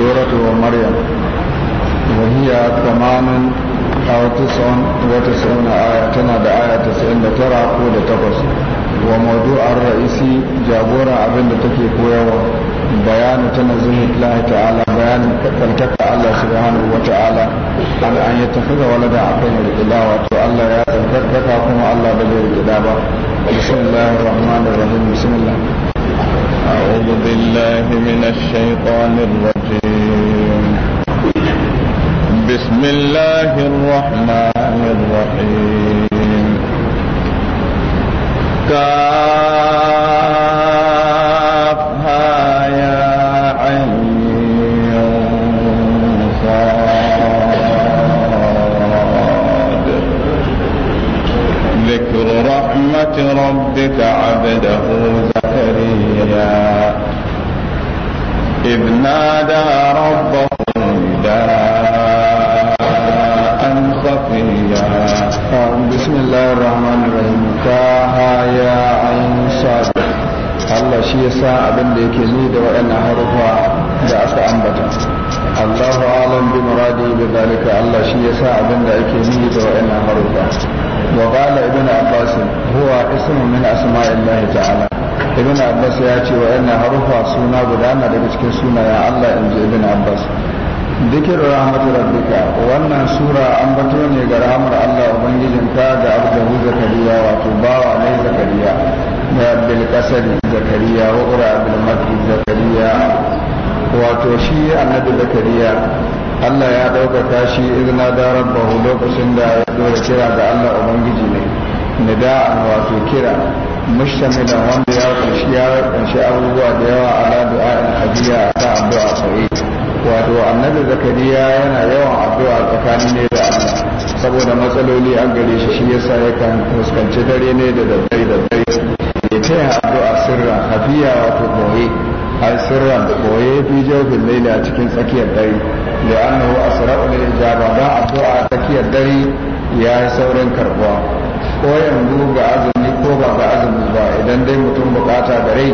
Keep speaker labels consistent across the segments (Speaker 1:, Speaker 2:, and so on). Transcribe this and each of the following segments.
Speaker 1: سورة مريم وهي ثمان أو تسع وتسعون آية كما بآية تسعين ترى قول تقص وموضوع الرئيسي جابورا أبن تكي قويوة بيان تنزيه الله تعالى بيان فلتك الله سبحانه وتعالى على أن يتخذ
Speaker 2: ولد عقيم الإله الله يا ذكركم الله بذير الإدابة بسم الله الرحمن الرحيم بسم الله أعوذ بالله من الشيطان الرجيم بسم الله الرحمن الرحيم كافها يا عين صاد ذكر رحمة ربك عبده زكريا إذ نادى ربه
Speaker 1: Allah shi ya sa abin da yake ni da waɗannan harufa da aka ambata Allahu alam bi muradi bi dalika Allah shi ya sa abin da yake ni da waɗannan harufa wa qala ibn abbas huwa ismu min asma'illahi ta'ala ibn abbas ya ce waɗannan harufa suna guda na daga cikin sunayen Allah in ji ibn abbas dikir rahmat rabbika wannan sura ambato ne ga rahmar Allah ubangijinka ga abdahu zakariya wato bawa ne zakariya بالقصر زكريا وقرا بالمكي زكريا wato shi annabi zakariya Allah ya ɗaukaka shi izina da rabbahu lokacin da ya dora kira ga Allah Ubangiji ne nida'an wato kira mushtamila wanda ya kunshi ya abubuwa da yawa ala du'a al-hajiya ta addu'a sai wato annabi zakariya yana yawan addu'a tsakanin ne da Allah saboda matsaloli an gare shi shi yasa yakan fuskanci dare ne da daddai da dare ya taya addu'a sirra hafiya wato boye ai sirran boye fi jawbin laila cikin tsakiyar dare da annahu asra'u lil ijaba da addu'a tsakiyar dare ya saurin karbuwa ko yanzu ga azumi ko ba ga azumi ba idan dai mutum bukata da rai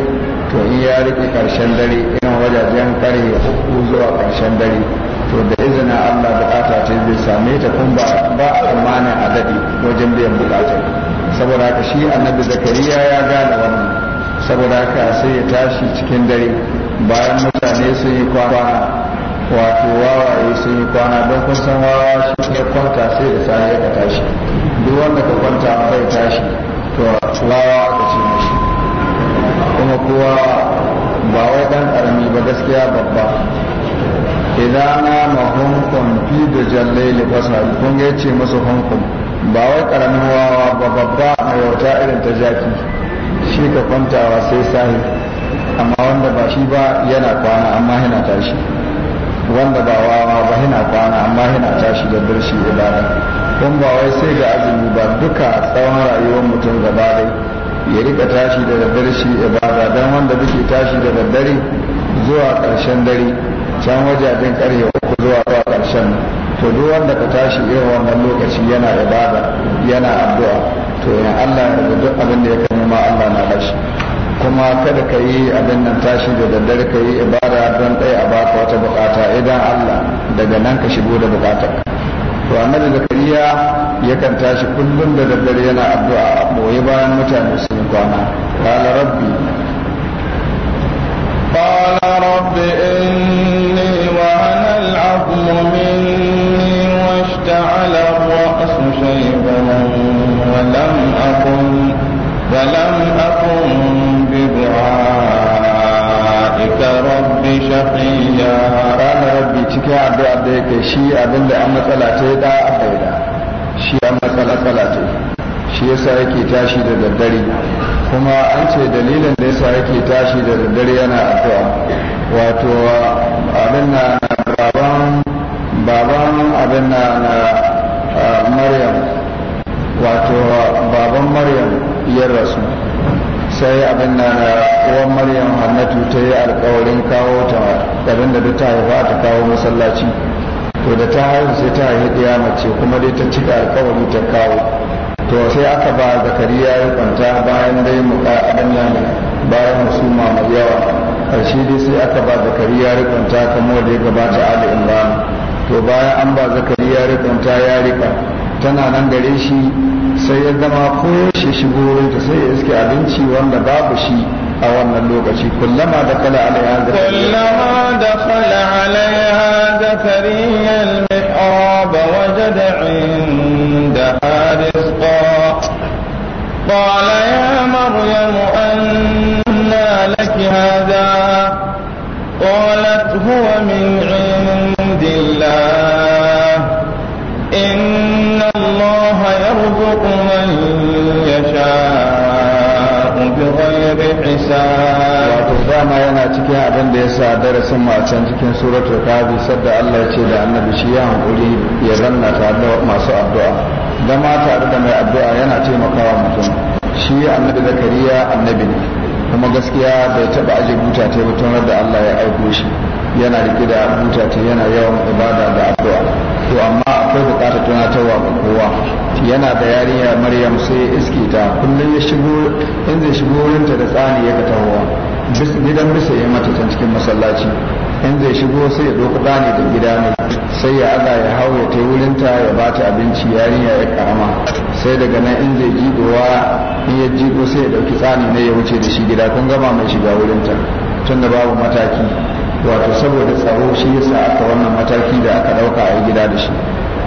Speaker 1: to in ya rike karshen dare ina wajajen kare uku zuwa karshen dare to da izinin Allah bukata ce zai same ta kun ba a tsammanin adadi wajen biyan bukatar saboda ka shi annabi zakariya ya gane wannan saboda ka sai ya tashi cikin dare bayan mutane sun yi kwana wato wawaye sun yi kwana don kun san wawa shi ya kwanta sai da tsaye ya tashi duk wanda ka kwanta bai tashi to wawa ka ce mashi kuma kowa ba wai dan karami ba gaskiya babba idan na mahunkun fi da jallai lafasa kun ga ce musu hunkun ba wai karamin wawa ba babba mai wauta irin ta jaki shi ka kwantawa sai sahi amma wanda ba shi ba yana kwana amma yana tashi wanda ba wawa ba yana kwana amma yana tashi da birshi ibada don ba wai sai ga azumi ba duka tsawon rayuwar mutum gaba dai ya rika tashi da birshi ibada don wanda duke tashi da daddare zuwa ƙarshen dare can wajajen karyewa uku zuwa zuwa ƙarshen to duk wanda ka tashi irin wannan lokaci yana ibada yana addu'a to in Allah ya duk abin da ya kan ma Allah na bashi kuma kada ka yi abin nan tashi da daddare ka yi ibada don ɗaya a baka wata bukata idan Allah daga nan ka shigo da bukatar to annabi zakariya yakan tashi kullum da daddare yana addu'a a boye bayan mutane yi kwana qala rabbi qala rabbi shafin ya ranar bincike addu'a da yake shi abinda an matsala ce da addu'a da shi an matsala tsala ce shi yasa yake tashi da daddare kuma an ce dalilin da yasa yake tashi da daddare yana addu'a wato abin na baban baban abin na maryam wato baban maryam ya rasu sai abin da uh, uwan maryam hannatu ta yi alkawarin kawo ta abin da ta haifa ta kawo masallaci to da ta haihu sai ta haifi ɗaya mace kuma dai ta cika alkawari ta kawo to sai aka ba zakariya ya kwanta bayan dai muka abin nan bayan musuma mai yawa karshe dai sai aka ba zakariya ya kwanta kamar da ya gabata ali imran to bayan an ba zakariya ya kwanta ya rika tana nan gare shi sai ya zama ko shi shigo wurinta sai ya iske abinci wanda babu shi a wannan lokaci kullama da kala alaiha da kullama da
Speaker 2: kala alaiha da kariyar waje da inda rizqa qala ya maryam
Speaker 1: wato dama yana cikin abin da ya sa darasin macen cikin suratul kafi sadda Allah ya ce da annabi shi ya hankuri ya zanna tare da masu addu'a zama tare da mai addu'a yana taimakawa mutum shi annabi zakariya annabi ne kuma gaskiya bai taba aje buta ta mutum da Allah ya aiko shi yana rike da buta ta yana yawan ibada da addu'a to amma akwai bukatar tunatarwa ga kowa yana da yarinya maryam sai iske ta kullum ya shigo in zai shigo wurinta da tsani ya katawa gidan bisa ya mata can cikin masallaci in zai shigo sai ya doka tsani da gida ne sai ya aza ya hau ya ta wurinta ya ba ta abinci yarinya ya karama sai daga nan in zai jigowa in ya jigo sai ya ɗauki tsani na ya wuce da shi gida kun gama mai shiga wurinta tun da babu mataki wato saboda tsaro shi yasa aka wannan mataki da aka ɗauka a gida da shi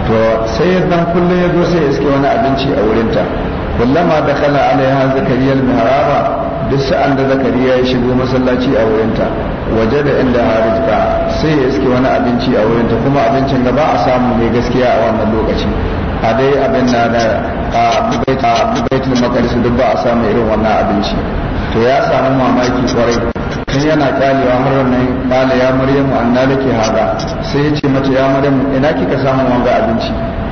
Speaker 1: to sai dan kullum ya zo sai iske wani abinci a wurinta kullama da kala alaiha zakariya al-mihraba duk sa'an da zakariya ya shigo masallaci a wurinta waje da inda harijka sai ya iske wani abinci a wurinta kuma abincin da ba a samu mai gaskiya a wannan lokaci a dai abin na da a baitul makarisu duk ba a samu irin wannan abinci to ya samu mamaki kwarai tun yana kyalewa har nan kala ya maryamu anna ke hada sai ya ce mata ya maryamu ina kika samu wanga abinci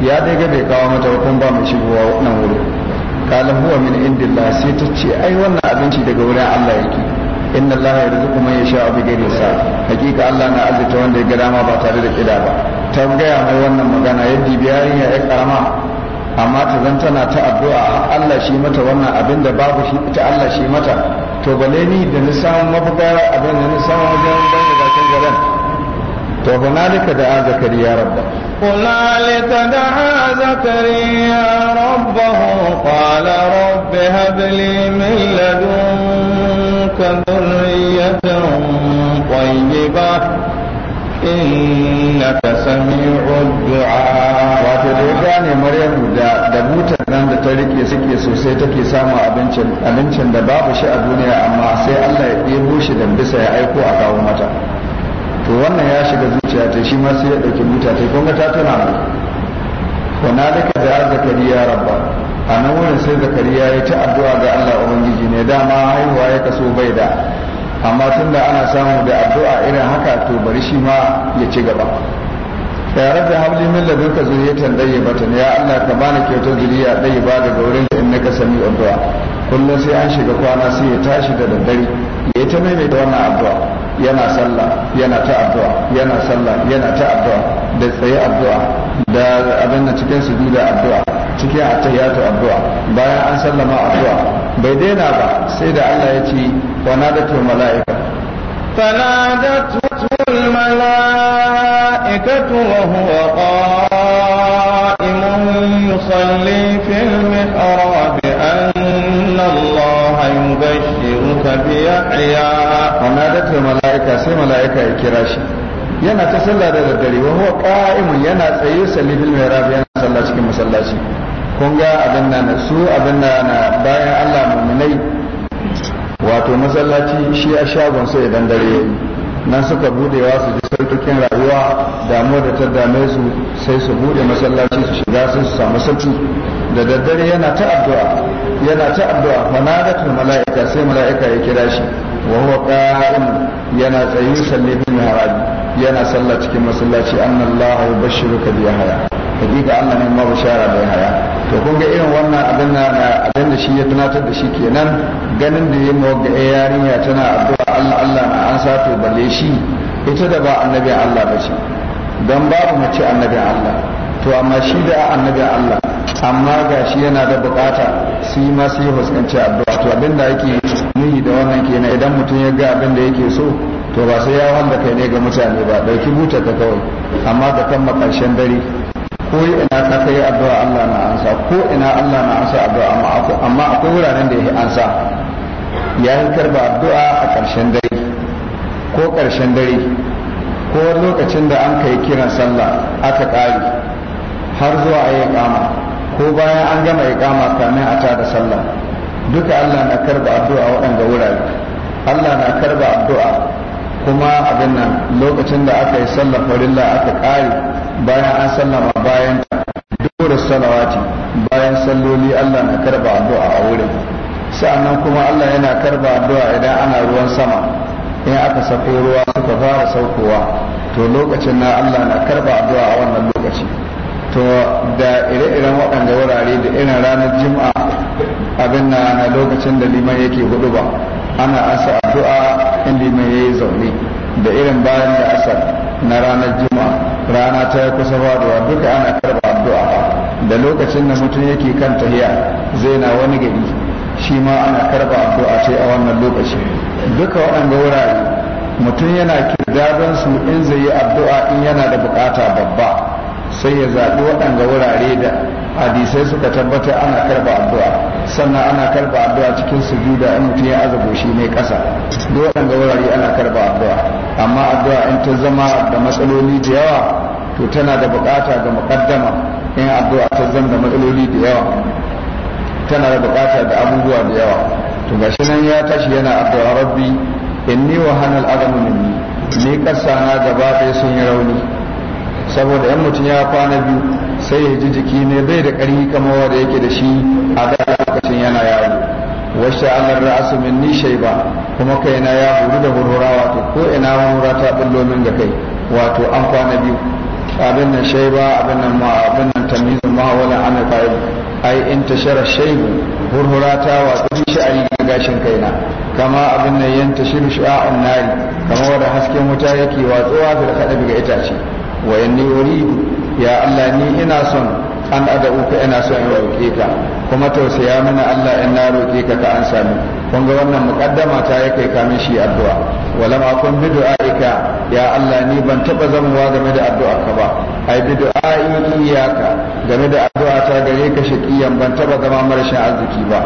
Speaker 1: ya dai ga bai kawo mata hukun ba mai shigowa nan wuri kala huwa min indillah sai ta ce ai wannan abinci daga wurin Allah yake inna Allah yarzuqu man yasha bi ghairi hisab hakika Allah na azurta wanda ya ga dama ba tare da kida ba ta gaya mai wannan magana yadda biyarin ya karama amma ta zan tana ta addu'a Allah shi mata wannan abin da babu shi ita Allah shi mata to bale ni da ni samu mafuga abin da ni samu wajen ban da bakin garan to hunalika da ya rabba هنالك دعا
Speaker 2: زكريا ربه قال رب هب لي من لدنك ذرية طيبة
Speaker 1: innaka sami'ud du'a wato da ya gane maryamu da butar nan da ta rike suke sosai take samun abincin da babu shi a duniya amma sai Allah ya ɗebo shi da bisa ya aiko a kawo mata to wannan ya shiga zuciya shi ma sai ya ɗauki buta ta kun ta tana mu da ka da zakariya rabba a nan wurin sai da zakariya ya ci addu'a ga Allah ubangiji ne dama haihuwa ya kaso bai da amma tun da ana samu da addu'a irin haka to bari shi ma ya ci gaba ya rabbi habli min ladunka zuriyatan dayyibatan ya Allah ka bani kyautar zuriya dayyiba daga wurin da ka sami addu'a kullum sai an shiga kwana sai ya tashi da daddare ya ta maimaita wannan addu'a yana sallah yana ta addu'a yana sallah yana ta addu'a da tsaye addu'a da abin da cikin da addu'a cikin attahiyatu addu'a bayan an sallama addu'a bai daina ba sai da Allah ya ce wa nadatul mala'ika fanadatul
Speaker 2: mala'ikatu wa huwa qa'imun yusalli fil mihrab anna Allah
Speaker 1: yubashshiruka bi yahya fanadatul mala'ika sai mala'ika ya kira shi yana ta sallah da daddare wa huwa qa'imun yana tsaye sallifil mihrab yana sallah cikin masallaci kun ga abin nan su abin nan bayan Allah mu'minai wato masallaci shi a shagon sai idan dare nan suka buɗewa su ji sauƙin rayuwa damuwa da ta dame su sai su bude masallaci su shiga sun su samu sauƙi da daddare yana ta addu'a yana ta addu'a mala'ika sai mala'ika ya kira shi wa huwa qa'imun yana tsaye salli bil mihrab yana sallah cikin masallaci bashiru yubashshiruka bi yahya hakika Allah ne ma bashara da yahya to kun ga irin wannan abin na abin da shi ya tunatar da shi kenan ganin da yayi ga yarinya tana addu'a Allah Allah na an sato balle shi ita da ba annabi Allah ba ce ba babu mace annabi Allah to amma shi da annabi Allah amma ga shi yana da bukata su yi masu yi fuskanci addu'a to abin da yake nuhi da wannan kenan idan mutum ya ga abin da yake so to ba sai ya wanda kai ne ga mutane ba ɗauki mutar ka kawai amma da kan makarshen dare ko ina ka kai addu'a Allah na ansa ko ina Allah na ansa addu'a amma akwai wuraren da ya ansa ya yi karba addu'a a ƙarshen dare ko ƙarshen dare ko lokacin da an kai kiran sallah aka ƙari har zuwa a yi kama ko bayan an gama ya kama kamin a tada sallah duka Allah na karba addu'a waɗanda wurare Allah na karba addu'a kuma abin nan lokacin da aka yi sallah farilla aka kare bayan an sallama bayan dole salawati bayan salloli Allah na karba addu'a a wurin sa'annan kuma Allah yana karba addu'a idan ana ruwan sama in aka sako ruwa suka fara saukowa to lokacin na Allah na karba addu'a a wannan lokaci to da ire-iren waɗanda wurare da irin ranar juma'a abin na lokacin da liman yake hudu ba ana asa addu'a inda mai yayi zaune da irin bayan da asar na ranar juma'a rana ta kusa faduwa duka ana karba addu'a da lokacin da mutum yake kan tahiya zai na wani gari shi ma ana karba addu'a sai a wannan lokaci duka waɗanda wurare mutum yana kirdadon su in zai yi addu'a in yana da bukata babba sai ya zaɓi waɗanda wurare da hadisai suka tabbata ana karba addu'a sannan ana karba addu'a cikin sujuda in mutum ya azabo shi ne ƙasa duk waɗanda wurare ana karba addu'a amma addu'a in ta zama da matsaloli da yawa to tana da buƙata ga muƙaddama in addu'a ta zama da matsaloli da yawa tana da buƙata da abubuwa da yawa to ga shi nan ya tashi yana addu'a rabbi inni wa hanal adamu minni ni ƙasa na gaba ɗaya sun yi rauni saboda yan mutum ya kwana biyu sai ya ji jiki ne bai da ƙarfi kamar wanda yake da shi a da lokacin yana yaro wasu alar ra'asu min nishai ba kuma kaina ya huru da hurhura wato ko ina hurhura ta bullo min ga kai wato an kwana biyu abin nan shai ba abin nan ma abin nan tamizin ma wala ana fa'il ai in tashara shai hurhura ta wato shi a yi gashin kaina kama abin nan shi tashiru sha'an nari kama wanda hasken wuta yake watsuwa da kadabi daga itace wa yanni uridu ya Allah ni ina son an ada uku ina son in roƙe ka kuma tausaya mana Allah in na roƙe ka ka an sami kun ga wannan muqaddama ta yake kamin shi addu'a wala ma kun bi du'aika ya Allah ni ban taba zamuwa game da addu'a ka ba ai bi du'ai ka game da addu'a ta gare ka shaqiyan ban taba zama marashin arziki ba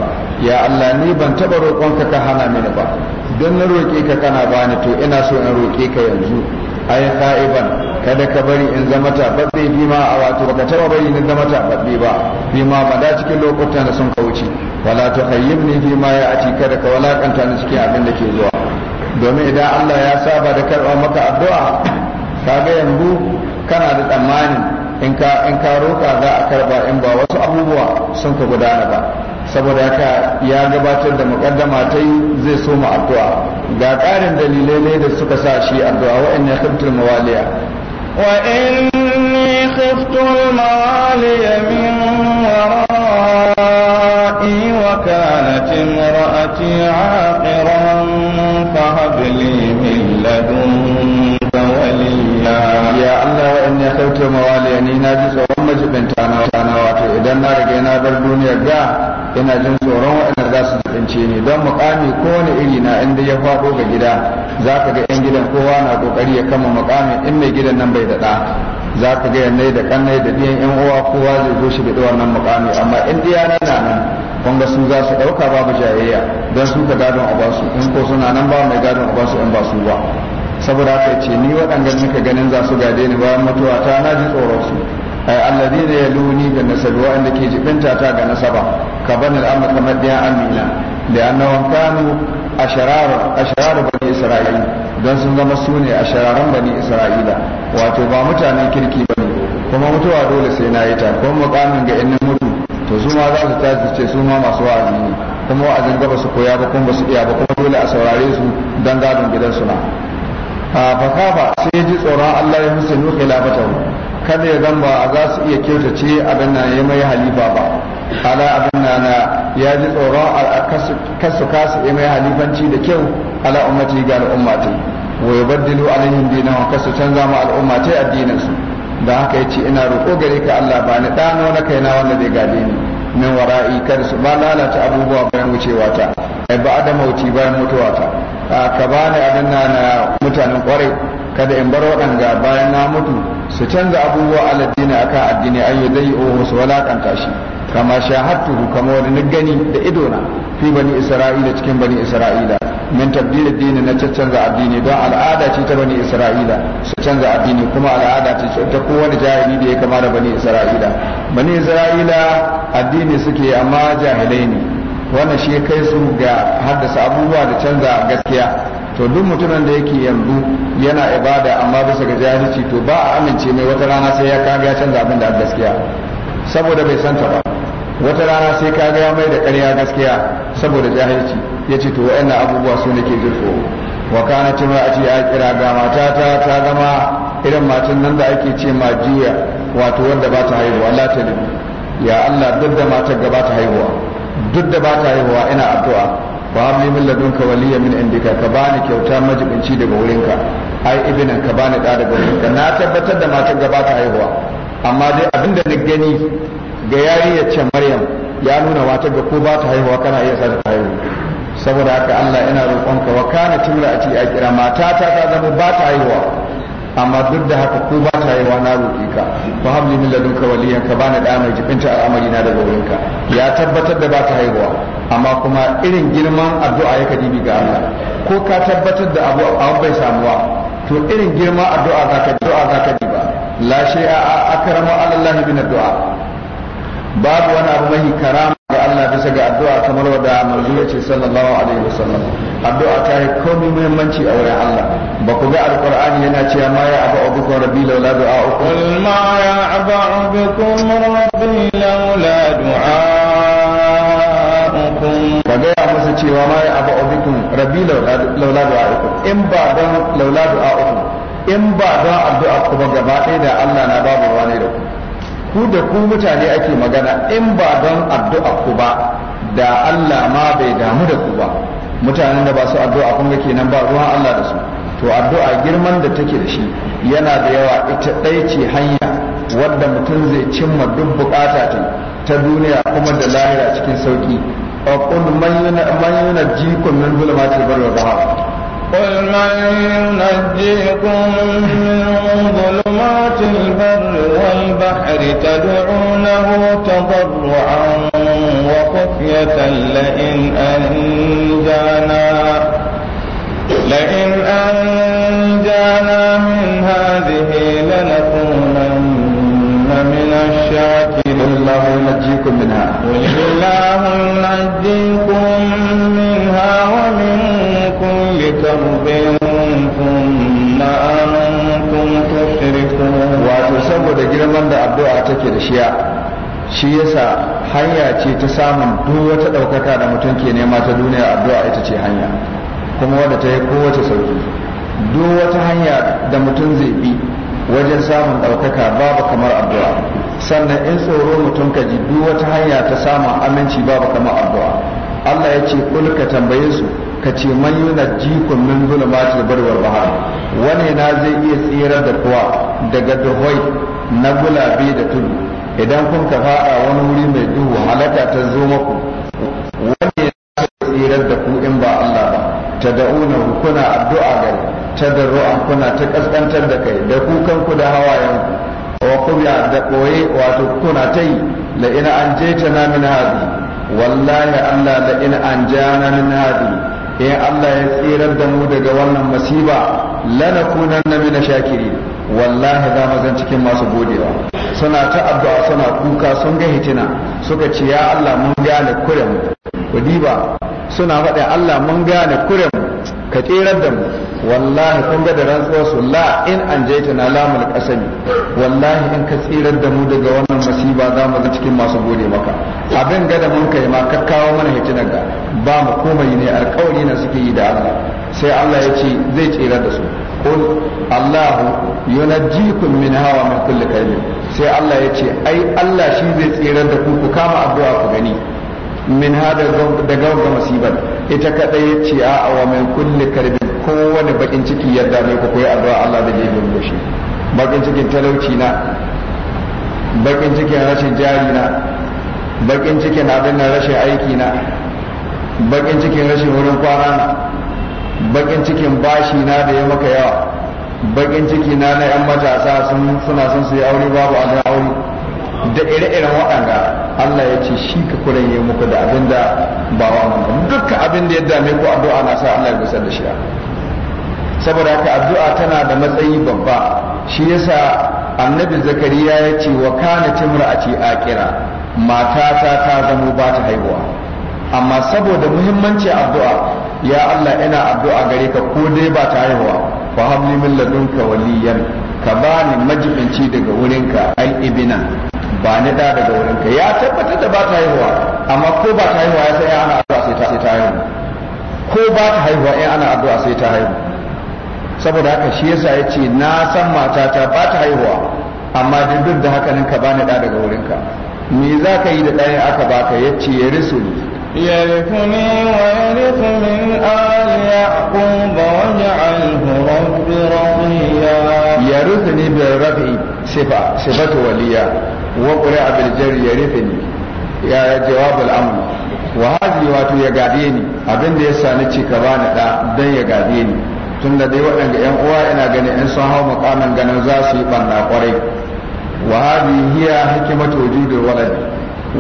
Speaker 1: ya Allah ni ban taba roƙonka ka hana mini ba don na roƙe ka kana bani to ina so in roƙe ka yanzu ai sa'iban kada ka bari in zama tababbe bi ma a wato baka taba bari in zama tababbe ba bi ma ba da cikin lokutan da sun kauce wala tukhayyibni bi ma ati kada ka walakanta ni cikin abin da ke zuwa domin idan Allah ya saba da karɓa maka addu'a kaga yanzu kana da tsammanin in ka in ka roka za a karba in ba wasu abubuwa sun ka gudana ba saboda haka ya gabatar da mukaddama ta yi zai so mu addu'a ga ƙarin dalilai ne da suka sa shi addu'a wa inna khiftul mawaliya
Speaker 2: wa inni
Speaker 1: khiftul mawaliya min
Speaker 2: wara'i wa kanat imra'ati 'aqiran fa hab li min ladunka
Speaker 1: waliya ya Allah wa inni khiftul mawaliya ni na ji tsoron majibin tana idan na riga na bar duniyar da ina jin tsoron waɗanda za su tsince ni don mukami kowane iri na inda ya faɗo ga gida za ka ga 'yan gidan kowa na ƙoƙari ya kama mukamin in mai gidan nan bai daɗa za ka ga yanayi da kannai da ɗiyan 'yan uwa kowa zai zo shi da wannan mukami amma in diyana na nan kun su za su ɗauka babu jayayya don su ka gadon a basu in ko suna nan ba mai gadon a basu in ba su ba saboda haka ce ni waɗanda nika ganin za su gade ni bayan mutuwa ta na ji tsoron su Eh, alladhi da ya luni da nasabu ke jibinta ta ga nasaba ka bani al'amma kamar da amina da annahum kanu a ashararu bani isra'ila don sun zama su ne ashararan bani isra'ila wato ba mutanen kirki bane kuma mutuwa dole sai na yi ta kuma mukamin ga inna mutu to su ma za su tashi ce su ma masu wa'azi ne kuma wa'azin gaba su koya ba kuma ba su iya ba kuma dole a saurare su don gadon gidansu na a ah, fakafa sai ji tsoron Allah ya musulmi khilafatahu kada ya zamba a za su iya kyautace abin nan ya mai halifa ba ala abin nan ya ji tsoron kasu kasu ya mai halifanci da kyau ala ummati ga al'ummati wa yubaddilu alaihim dinahum kasu canza ma al'ummati addinin su da haka ya ce ina roƙo gare ka Allah ba ni dano na kaina wanda zai gade ni min wara'i kar su ba lalata abubuwa bayan wucewa ta ba da mauti bayan mutuwa ta ka bani abin na na mutanen kwarai kada in bar waɗanda bayan na mutu su canza abubuwa aladdini akan addini an yi dai o su walakanta shi kama shahadtuhu kama wani na gani da idona fi bani isra'ila cikin bani isra'ila min tabdil addini na canza addini don al'ada ce ta bani isra'ila su canza addini kuma al'ada ce ta kowane jahili da ya kama da bani isra'ila bani isra'ila addini suke amma jahilai ne wannan shi kai su ga haddasa abubuwa da canza gaskiya to duk mutumin da yake yanzu yana ibada amma bisa ga jahilci to ba a amince mai wata rana sai ya kaga ya canza abin da gaskiya saboda bai santa ba wata rana sai kaga ya mai da ƙarya gaskiya saboda jahilci ya ce to wa'annan abubuwa su nake jin tsoro wa kana a ce ya kira ga matata ta zama irin matan nan da ake ce ma jiya wato wanda ba ta haihuwa Allah ta ya Allah duk da matar gaba ta haihuwa duk da ba ta haihuwa ina addu'a ba mu min ladunka waliya min indika ka bani kyauta majibinci daga wurinka ai ibinan ka bani da daga wurinka na tabbatar da matan ga ba ta haihuwa amma dai abinda da na gani ga ya ce maryam ya nuna wata ga ko ba ta haihuwa kana iya sa ta haihu saboda haka Allah ina roƙonka wa kana timra a kira matata ta zama ba ta haihuwa amma duk da haka ko ba ta yawa na roƙe ka fa habli min ladunka waliyan ka bani da mai jibinta al'amari na daga wurinka ya tabbatar da ba ta haihuwa amma kuma irin girman addu'a ya kadibi ga Allah ko ka tabbatar da abu abu bai samuwa to irin girman addu'a ka addu'a ka diba la shay'a akrama ala Allah bin addu'a babu wani abu mai karama Allah bisa ga addu'a kamar wadda manzo ya ce sallallahu alaihi wasallam addu'a ta yi komai muhimmanci a wurin Allah ba ku ga alqur'ani yana cewa ma ya abu abukum rabbi laula du'a ukum qul ma ya abu abukum rabbi laula du'a ka ya musu cewa ma ya abu abukum rabbi laula du'a ukum in ba don laula du'a ukum in ba don addu'a ku ba gaba ɗaya da Allah na babu wani da ku ku da ku mutane ake magana in ba don addu'a ku ba da Allah ma bai damu da ku ba mutanen da ba su addu'a kun ga kenan ba ruwan Allah da su to addu'a girman da take da shi yana da yawa ita ɗai ce hanya wadda mutum zai cimma duk bukata ta ta duniya kuma da lahira cikin sauki aqul man yunajjikum min ma al-barri wal bahr قل من ينجيكم
Speaker 2: من ظلمات البر والبحر تدعونه تضرعا وخفية لئن أنجانا لئن أنجانا من هذه لنكونن من الشاكرين قل الله
Speaker 1: ينجيكم منها قل الله
Speaker 2: ينجيكم منها ومن
Speaker 1: saboda girman da addu'a take da shiya shi yasa hanya ce ta samun duk wata ɗaukaka da mutum ke nema ta duniya addu'a ita ce hanya kuma wadda ta yi kowace sauki duk wata hanya da mutum zai bi wajen samun ɗaukaka babu kamar addu'a sannan in tsoro mutum ka ji duk wata hanya ta samun aminci babu kamar addu'a Allah ya ce kulka ka tambaye su ka ce man yunajjikum min ba barri barwar bahr wani na zai iya tsira da kuwa daga duhoi na gulabe da tudu idan kun ka fada wani wuri mai duhu halaka ta zo maku wani na zai tsira da ku in ba Allah ba da'una kuna addu'a gari tadarru'an kuna ta kaskantar da kai da kukan ku da hawayen ku wa kubiya da koye wato kuna ta yi la ina an ta na min hadi wallahi Allah la ina an jana min hadi in eh, Allah ya tsirar da mu daga wannan masiba Lana lanakunanna na Shakiri. wallahi za mu zan cikin masu godewa suna ta addu'a suna kuka sun ga hitina suka ce ya Allah mun gane kuren ku diba suna faɗa Allah mun gane mu. ka tsirar da mu wallahi kun ga da rantsuwar su la in an ta na lamun kasami wallahi in ka tsirar da mu daga wannan masiba za mu ga cikin masu gode maka abin gada mun kai ma ka kawo mana hitinar ga ba mu komai ne alkawari na suke yi da Allah sai Allah ya ce zai tsirar da su qul Allahu yunajjikum min hawa min kulli kaydin sai Allah ya ce ai Allah shi zai tsirar da ku ku kama addu'a ku gani min hada da gauga masibar ita kadai ya ce a wa kulle karbi karbin kowane bakin ciki ya dame ku koyi addu'a Allah da jibin goshi bakin cikin talauci na bakin cikin rashin jari na bakin cikin abin na rashin aiki na bakin cikin rashin wurin kwana na bakin cikin bashi na da ya maka yawa bakin ciki na na yan matasa suna son su yi aure babu abin aure da ire-iren waɗanda Allah ya ce shi ka yi muku da abin da ba wa mun dukkan abin da ya dame ku addu'a na sa Allah ya gusar da shi saboda haka addu'a tana da matsayi babba shi yasa annabi zakariya ya ce wa kana timra'ati aqira matata ta zamo ba ta haihuwa amma saboda muhimmanci addu'a ya Allah ina addu'a gare ka ko dai ba ta haihuwa fa habli min ladunka waliyan ka bani majibinci daga wurinka al ibina ba ni da daga wurin ka ya tabbatar da ba ta haihuwa amma ko ba ta haihuwa ya sai ana addu'a sai ta sai ta haihu ko ba ta haihuwa ya ana addu'a sai ta haihu saboda haka shi yasa ya ce na san matata ba ta haihuwa amma duk da haka ka ba ni da daga wurin ka me za ka yi da ɗayan aka ka ya ce ya risu ni ya risu ni wa ya risu min ali yaqub wa ja'alhu rabbi radiya ya risu ni bi rafi sifa sifatu waliya wa qura bil jari yarithni ya jawabul amr wa hadi wato ya gade ni abin da ya sani ci ka bani da dan ya gade ni da dai waɗanda yan uwa ina ganin in sun hau makamin ganin za su yi banna kwarai wa hadi hiya hikimatu wujudi waladi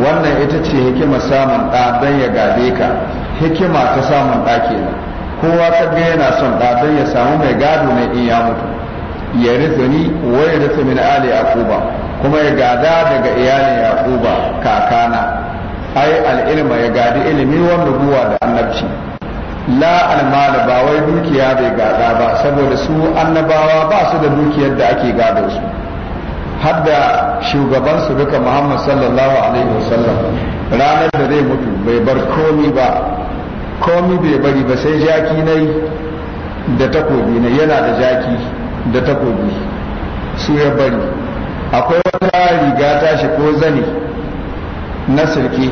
Speaker 1: wannan ita ce hikima samun ɗa Dan ya gade ka hikima ta samun ɗa kenan kowa ka ga yana son ɗa Dan ya samu mai gado ne in ya mutu ya rizuni wa ya rizu min ali yaquba kuma ya gada daga iyalin yaquba kakana ai al'ilma ya gadi ilimi wa nubuwa da annabci la almala ba wai dukiya bai gada ba saboda su annabawa ba su da dukiyar da ake gado su hadda shugaban su duka Muhammad sallallahu alaihi wasallam ranar da zai mutu bai bar komi ba komi bai bari ba sai jaki nai da takobi na yana da jaki da takobi su ya bari akwai wata riga shi ko zani na sirki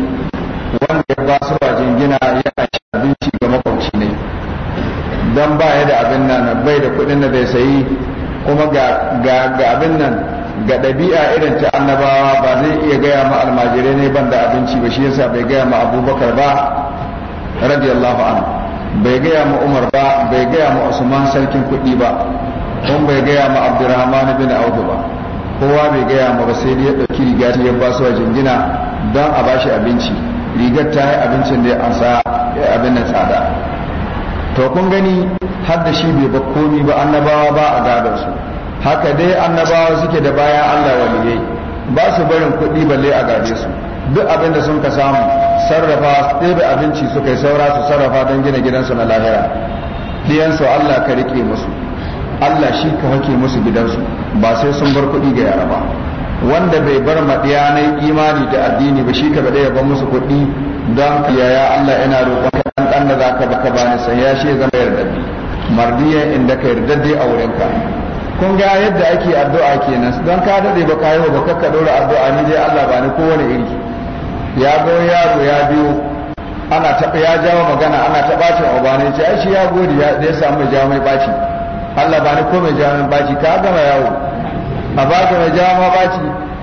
Speaker 1: wanda ya ba su wajen gina yana ci abinci ga makwabci ne don ba ya da abin nan bai da kuɗin da bai sayi kuma ga abin nan ga ɗabi'a irin ta annabawa ba zai iya gaya ma almajirai ne ban da abinci ba shi yasa bai gaya ma abubakar ba radiyallahu anhu bai gaya ma umar ba bai gaya ma usman sarkin kuɗi ba kun bai gaya ma abdurrahman bin audu ba kowa bai gaya ma ba sai ya ɗauki riga ta ya ba su jingina don a bashi abinci rigar ta yi abincin da ya ansa ya abin da tsada to kun gani har da shi bai ba komi ba annabawa ba a gadon su haka dai annabawa suke da bayan Allah waliyai ba su barin kuɗi balle a gade su duk abin da sun ka samu sarrafa ɗebe abinci su kai saura su sarrafa don gina gidansu na lahira diyansu Allah ka riƙe musu Allah shi ka hake musu gidansu ba sai sun bar kuɗi ga yara ba wanda bai bar maɗiya na imani da addini ba shi ka bada ya bar musu kuɗi don yaya Allah yana roƙon ka ɗan dan da zaka baka bani sai ya shi zama yarda bi mardiya inda ka yarda dai a wurin ka kun ga yadda ake addu'a kenan don ka dade ba yi ba ka ɗora addu'a ni dai Allah ba ni kowane iri ya ga yaro ya biyo ana taɓa ya jawo magana ana ta a ubani ce ai shi ya gode ya samu jami'i baci Allah ba ni ko mai jami'in baci ka gama yawo a baka mai jami'an baci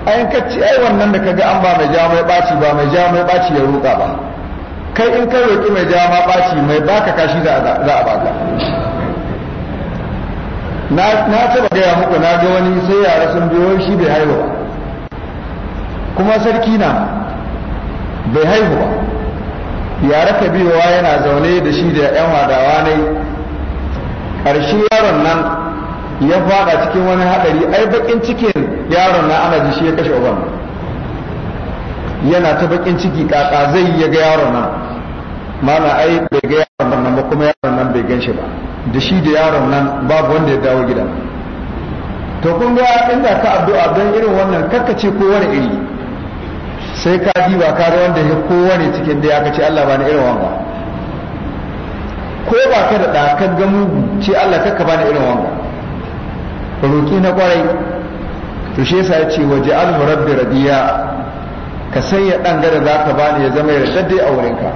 Speaker 1: ayin ka ci ai wannan da kaga an ba mai jami'an baci ba mai jami'an baci ya ruka ba kai in ka roƙi mai jami'an baci mai baka kashi za a baka na taba gaya muku na ga wani sai yara sun biyo shi bai haihu ba kuma sarki na bai haihu ba yara ka biyowa yana zaune da shi da 'yan wadawa ne ƙarshe yaron nan ya faɗa cikin wani haɗari ai baƙin cikin yaron nan ana ji shi ya kashe uban yana ta baƙin ciki ƙaƙa zai ya ga yaron nan mana ai bai ga yaron nan ba kuma yaron nan bai gan ba da shi da yaron nan babu wanda ya dawo gida to kun ga inda ka addu'a don irin wannan kakkace ko wani iri sai ka ji ba ka ga wanda ya kowane cikin da ya kace Allah ba ni irin wannan ko ba ka da ɗakar ka mugu ce Allah kakka bani irin wanga roƙi na kwarai to shi yasa ya ce waje alhu rabbi radiya ka sanya ɗan gada za ka bani ya zama dai a wurinka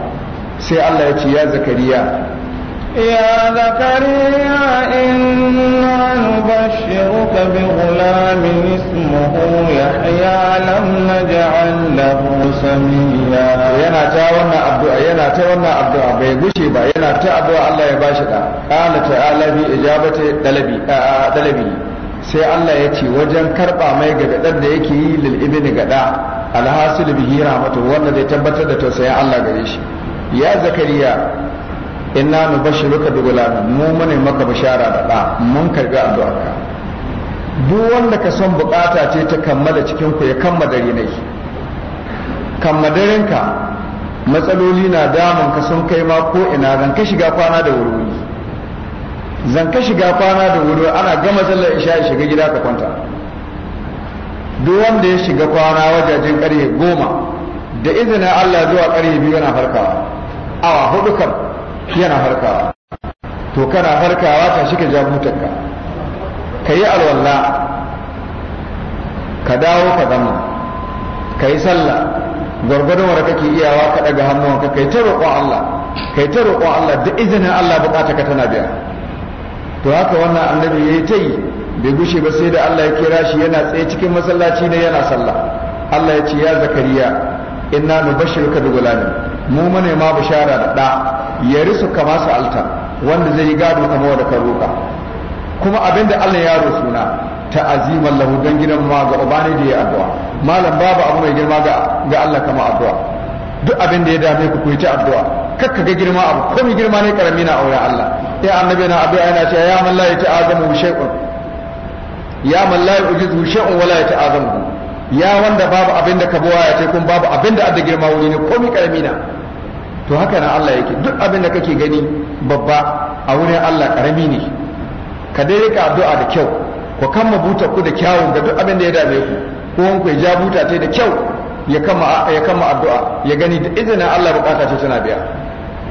Speaker 1: sai Allah ya ce ya zakariya
Speaker 2: يا زكريا إنا نبشرك بغلام اسمه يحيى لم نجعل له
Speaker 1: سميا yana ta wannan ينا yana ta wannan غشي bai ينا ba yana ta addu'a Allah ya bashi da dalabi sai Allah ya ce wajen karba mai ga gadan da yake yi lil ibni gada alhasil bihira rahmatu wanda zai tabbatar da tausayin Allah gare shi ya zakariya inna nubashshiruka bi gulam mu mune maka bishara da da mun karbi addu'arka duk wanda ka son bukata ce ta kammala cikin ku ya kammala dare ne ka matsaloli na damun ka sun kai ma ko ina zan ka shiga kwana da wuri zan ka shiga kwana da wuri ana gama matsalar isha ya shiga gida ka kwanta duk wanda ya shiga kwana wajajen karfe goma da izinin Allah zuwa karfe biyu yana farkawa awa hudu kam yana farkawa to kana farkawa ta shi ka ja mutanka ka yi alwallah ka dawo ka zama ka yi sallah gwargwadon wadda kake iyawa ka daga hannuwanka ka yi ta roƙon Allah ka yi ta roƙon Allah da izinin Allah buƙata ka tana biya to haka wannan annabi ya yi ta yi bai gushe ba sai da Allah ya kira shi yana tsaye cikin masallaci ne yana sallah Allah ya ce ya zakariya inna nubashshiruka bi gulamin mu manema ma bishara da ɗa. ya risu kama su sa'alta wanda zai yi gado kama wanda ka roka kuma abin da Allah ya na ta'aziman lahu don gidan ma ga ubani da ya addu'a malam babu abu mai girma ga Allah kama addu'a duk abin da ya dame ku ku yi ta addu'a kakka ga girma abu ko mai girma ne karami na aure Allah ya annabi na abu yana cewa ya man la yata'azamu shay'un ya man la yujizu shay'un wala yata'azamu ya wanda babu abin da ka buwa ya ce kun babu abin da adda girma wuri ne ko karami na to haka na Allah yake duk abin da kake gani babba a wurin Allah karami ne ka dai rika addu'a da kyau ku kama buta ku da kyawun ga duk abin da ya dame ku ko wanku ya ja buta ta da kyau ya kama ya kama addu'a ya gani da izinin Allah bukata ce tana biya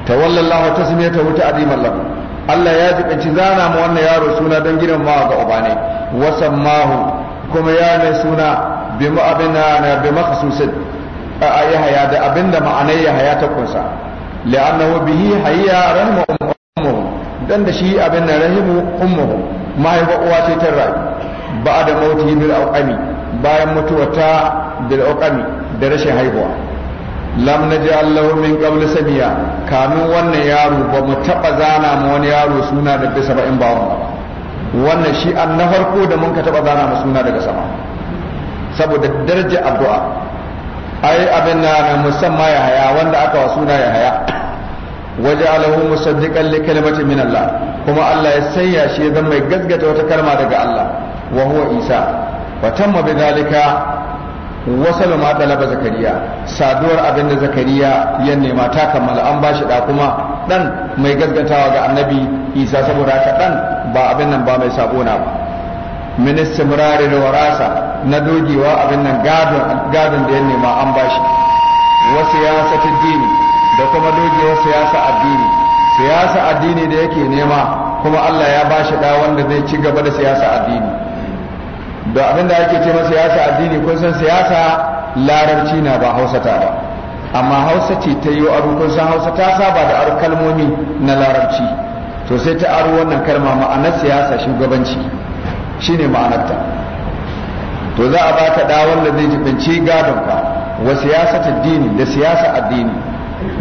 Speaker 1: tawallallahu ta wuta lahu Allah ya jibanci zana mu wannan yaro suna dan don ma ga wasan wasammahu kuma ya mai suna bi mu'abina na bi yahaya da abinda ma'anar yahaya ta kunsa la'annahu bihi hayya rahmu ummuhu dan da shi abinda da rahimu ummuhu mahaifa uwa ce ta rayu ba da mauti bil auqami bayan mutuwata bil auqami da rashin haihuwa lam naj'al lahu min qabl samiya kamin wannan yaro ba mu taba zana mu wani yaro suna da bisa ba in ba wannan shi an na farko da mun ka taba zana mu suna daga sama saboda daraja addu'a ai abin na musamman ya haya wanda aka wa suna ya haya waje alahu musaddiqan li kalimati min Allah kuma Allah ya sanya shi zan mai gaskata wata kalma daga Allah wa huwa Isa wa tamma bidhalika wa ma talaba zakariya saduwar abin da zakariya ya nema ta kammala an bashi da kuma dan mai gaskatawa ga annabi Isa saboda haka dan ba abin nan ba mai sabona ba min istimrari warasa na dogewa abin nan gadon da ya nema an ba shi wasu ya ta dini da kuma dogewa siyasa addini siyasa addini da yake nema kuma Allah ya ba shi da wanda zai ci gaba da siyasa addini da abin da ake ce siyasa addini kun san siyasa larabci na ba hausa ta ba amma hausa ce ta yi aro kun san hausa ta saba da aro kalmomi na larabci to sai ta aro wannan kalma ma'anar siyasa shugabanci shine ma'anarta to za a baka da wanda zai jibinci gadonka wa siyasatar dini da siyasa addini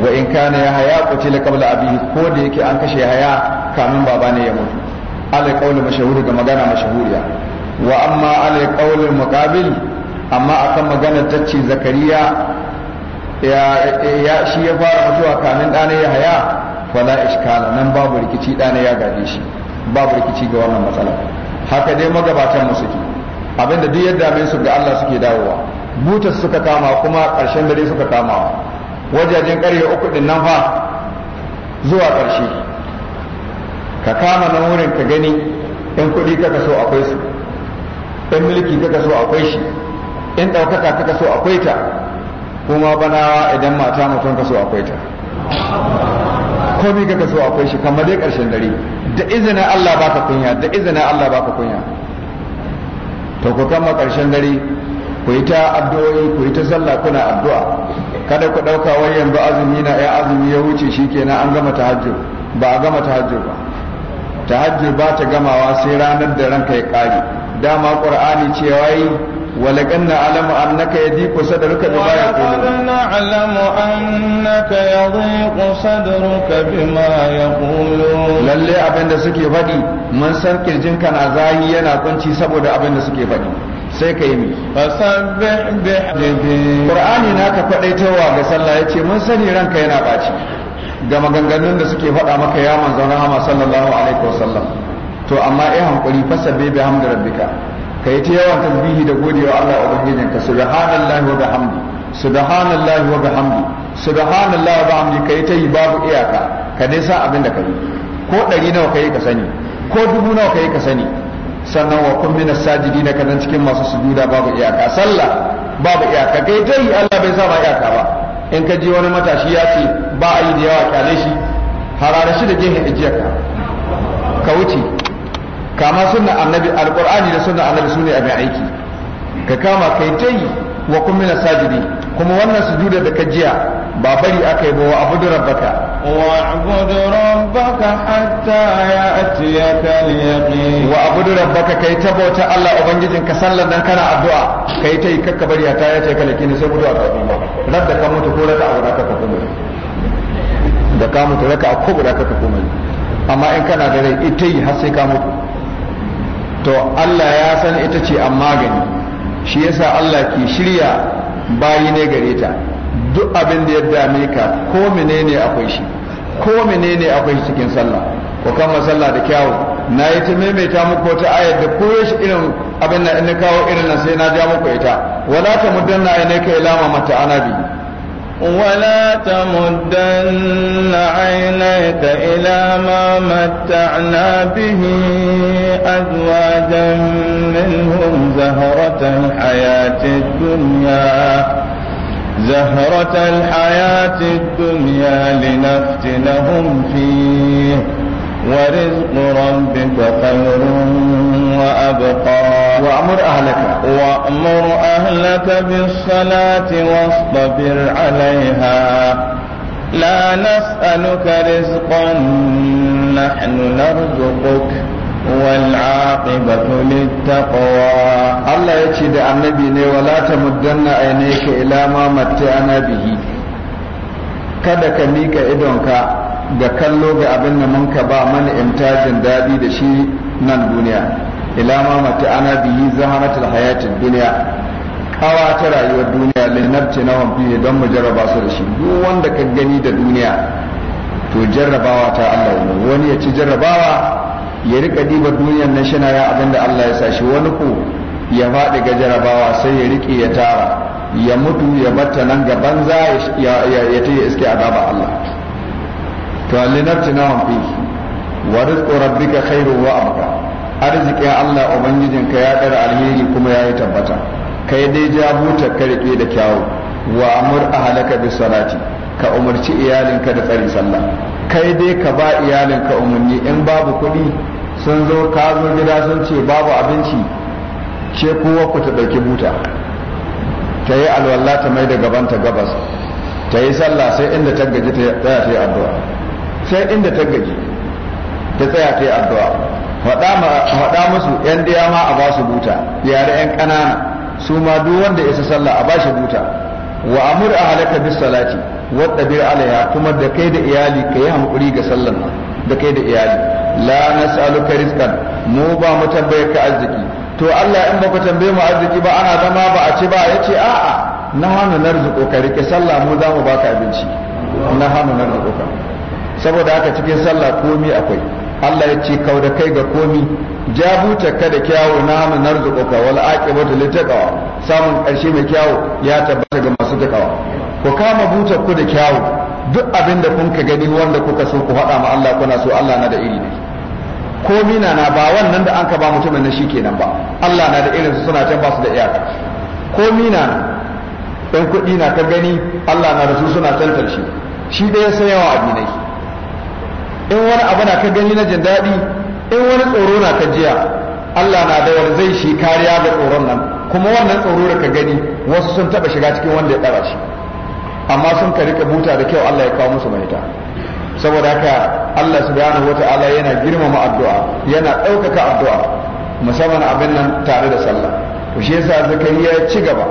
Speaker 1: wa in kana ya haya qutila kabla abihi ko da yake an kashe haya kamin baba ne ya mutu alai qawlu ga magana mashhuriya wa amma alai qawlu muqabil amma akan magana tacci zakariya ya shi ya fara mutuwa kamin ɗana ya haya fala iskala nan babu rikici dane ya gaje shi babu rikici ga wannan matsala haka dai magabatan musuki abinda duk yadda mai su ga Allah suke dawowa butar suka kama kuma ƙarshen dare suka kama wajajen ƙarye uku din nan fa zuwa ƙarshe ka kama na wurin ka gani in kuɗi kaka so akwai su in mulki kaka so akwai shi in ɗaukaka kaka so akwai ta kuma bana idan mata mutum ka so akwai ta komai kaka so akwai shi kamar dai ƙarshen dare da izinin Allah baka kunya da izinin Allah baka kunya to ku kama ƙarshen dare ku yi ta addu'o'i ku yi ta sallah kuna addu'a kada ku ɗauka wai yanzu azumi na ya azumi ya wuce shi kenan an gama tahajjud ba a gama tahajjud ba tahajjud ba ta gamawa sai ranar da ranka ya ƙare dama ƙur'ani cewa yi ولكن نعلم أنك يضيق صدرك بما يقولون ولقد نعلم أنك يضيق صدرك بما يقولون للي أبن دا سكي فدي من سن كرجن كان أزاهي ينا كنشي سبو دا أبن دا سكي فدي sai ka yi mi fasabbih bihamdihi qur'ani naka fadaitowa ga sallah yace mun sani ranka yana baci ga maganganun da suke faɗa maka ya manzon rahama sallallahu alaihi wasallam to amma eh hankuri fasabbi bihamdi rabbika ka yi ta yawan tasbihi da godewa Allah ubangijin ka subhanallahi wa bihamdi subhanallahi wa bihamdi subhanallahi wa bihamdi ka yi ta yi babu iyaka ka dai sa abin da ka yi ko ɗari nawa ka yi ka sani ko dubu nawa ka yi ka sani sannan wa kun minas sajidi na kanan cikin masu sujuda babu iyaka sallah babu iyaka ka yi ta yi Allah bai sa ma iyaka ba in ka je wani matashi ya ce ba a yi da yawa kyale shi harare shi da gehen ajiyarka ka wuce kama sunna annabi alqur'ani da sunna annabi sune abin aiki ka kama kai yi wa kun mina sajidi kuma wannan sujuda da ka jiya ba bari aka yi ba wa abudu rabbaka wa abudu rabbaka hatta ya'tiyaka al-yaqin wa abudu rabbaka kai ta bauta Allah ubangijin ka sallan nan kana addu'a kai tai kakka bari hatta ya ce kana ne sai mutuwa ta kuma radda ka mutu ko raka abu ka kuma da ka mutu raka ko raka ka kuma amma in kana da rai ita yi har sai ka mutu to Allah ya san ita ce a magani shi yasa Allah ke shirya bayi ne gare ta duk abin da ya dame ka ko menene akwai shi ko menene akwai shi cikin sallah ko kama sallah da kyawu na yi ta maimaita muku wata ayar da ko shi irin abin na in kawo irin nan sai na ja muku ita wala ta mudanna ainaka ila ma mata anabi
Speaker 2: ولا تمدن عينيك إلى ما متعنا به أزواجا منهم زهرة الحياة الدنيا زهرة الحياة الدنيا لنفتنهم فيه ورزق ربك خير وأبقى وأمر أهلك وأمر أهلك بالصلاة واصطبر عليها لا نسألك رزقا نحن نرزقك والعاقبة للتقوى
Speaker 1: الله يجد النبي ولا تمدن عينيك إلى ما متعنا به kada ka mika idonka da kallo ga abin da mun ka ba mana imtajin daɗi da shi nan duniya ila ma mata ana biyi zaharatul hayatin duniya kawa ta rayuwar duniya linabce na wamfi don mu jarraba su da shi duk wanda ka gani da duniya to jarrabawa ta Allah ne wani ya ci jarrabawa ya rika diba duniyar na shina ya abin Allah ya sashi wani ko ya faɗi ga jarrabawa sai ya rike ya tara ya mutu ya batta nan ga banza ya ta iske azaba Allah to linabtinahum fi wa rizqu rabbika khairu wa abqa arzikin Allah ka ya ɗara alheri kuma ya yi tabbata kai dai ja buta ka rike da kyawu wa amur ahlaka bis salati ka umarci iyalinka da tsari sallah kai dai ka ba iyalinka umarni in babu kuɗi sun zo ka zo gida sun ce babu abinci ce kowa ku ta ɗauki buta ta yi alwala ta mai da gaban ta gabas ta yi sallah sai inda ta gaji ta tsaya ta yi addu'a sai inda ta gaji ta tsaya ta yi addu'a faɗa musu yan da ma a basu su buta yare yan ƙanana su ma duk wanda isa sallah a bashi shi buta wa amur a halaka bis salati wadda bir alaiha kuma da kai da iyali ka yi hankuri ga sallan nan da kai da iyali la nas'aluka rizqan mu ba mu tambaye ka arziki to Allah in baka tambaye mu arziki ba ana zama ba a ci ba yace a'a na hanu narzuko ka rike sallah mu za mu baka abinci na hanu narzuko ka saboda haka cikin sallah komi akwai Allah ya ce kau da kai ga komi jabuta ka da kyawu na mu wal aqibatu litaqwa samun karshe mai kyawu ya tabbata ga masu takawa ku kama buta ku da kyawu duk abin da kun ka gani wanda kuka so ku faɗa ma Allah kuna so Allah na da iri ne komi na na ba wannan da an ka ba mutumin na shi kenan ba Allah na da irin su suna can ba da iyaka komi na dan ɗan kuɗi na ka gani Allah na da su suna tantance shi shi ya sayawa abinai in wani abu na ka gani na jin daɗi in wani tsoro na ka jiya Allah na da zai shi kariya ga tsoron nan kuma wannan tsoro da ka gani wasu sun taɓa shiga cikin wanda ya ɗara shi amma sun ka rika buta da kyau Allah ya kawo musu mahita saboda haka Allah subhanahu ta'ala yana girmama addu'a yana ɗaukaka addu'a musamman abin nan tare da sallah to shi yasa zakariya ya ci gaba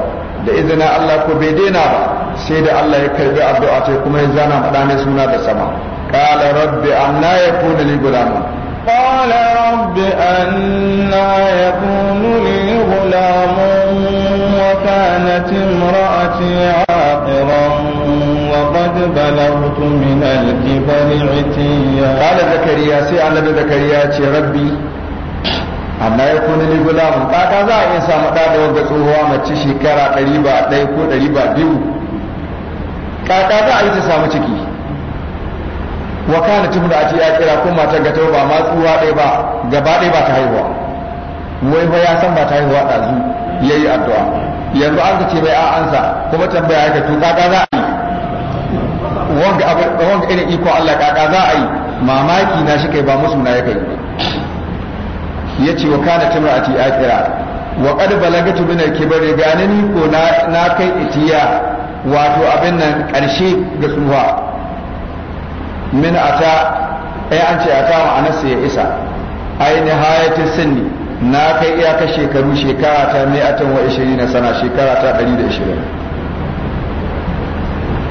Speaker 1: da izina Allah ko bai daina ba sai da Allah ya karbi addu'a ta kuma ya zana madane suna da sama قال رب أنا يكون لي غلام
Speaker 2: قال رب أنا يكون لي غلام وكانت امرأتي عاقرا
Speaker 1: وقد بلغت من الكبر عتيا قال زكريا سي النبي زكريا ربي amma ya kuna ni gulamun kaka za a iya samu ɗa da wanda tsohuwa mace shekara ɗari ba ɗaya ko ɗari ba biyu kaka za a yi samu ciki wa kana tibnu ati ya kira ko matar ga ba ma tsuwa ɗaya ba gaba ɗaya ba ta haihuwa wai ba ya san ba ta haihuwa ɗazu yayi addu'a yanzu an ce mai ansa kuma tambaya yake to kaka za a
Speaker 3: yi
Speaker 1: wanga abin wanga irin iko Allah kaka za a yi mamaki na shi kai ba musu na yake ce wa kana tibnu ati ya kira wa qad balagatu min al-kibri ganani ko na na kai itiya wato abin nan ƙarshe ga tsuwa min ata ai eh, an ce ata ma'anarsa ya isa ai nihayatin sinni na kai iyaka shekaru shekara ta mi'atan wa ishirin na sana shekara ta ishirin.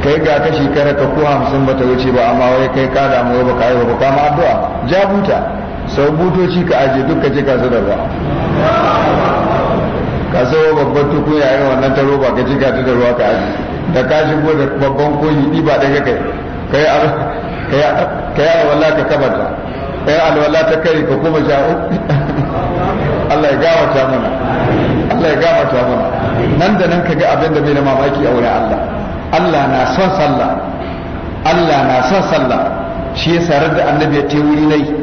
Speaker 1: kai ga ka shekara ka ko hamsin bata wuce ba amma wai kai ka damu wai baka yi ba ka ma addu'a jabuta sau butoci ka aje duk ka ka zuba ruwa ka sayo babban tukunya irin wannan ta roba ka jika ta da ruwa ka aje da ka shigo da babban koyi ɗiba ɗaya kai kai ka yi alwala ka kabata. ka yi alwala ta kare ka kuma sha'u Allah ya gawata mana Allah ya gawata mana nan da nan ka ga abin da bai da mamaki a wurin Allah Allah na son sallah Allah na son sallah shi ya sarar da annabi ya ce wuri nai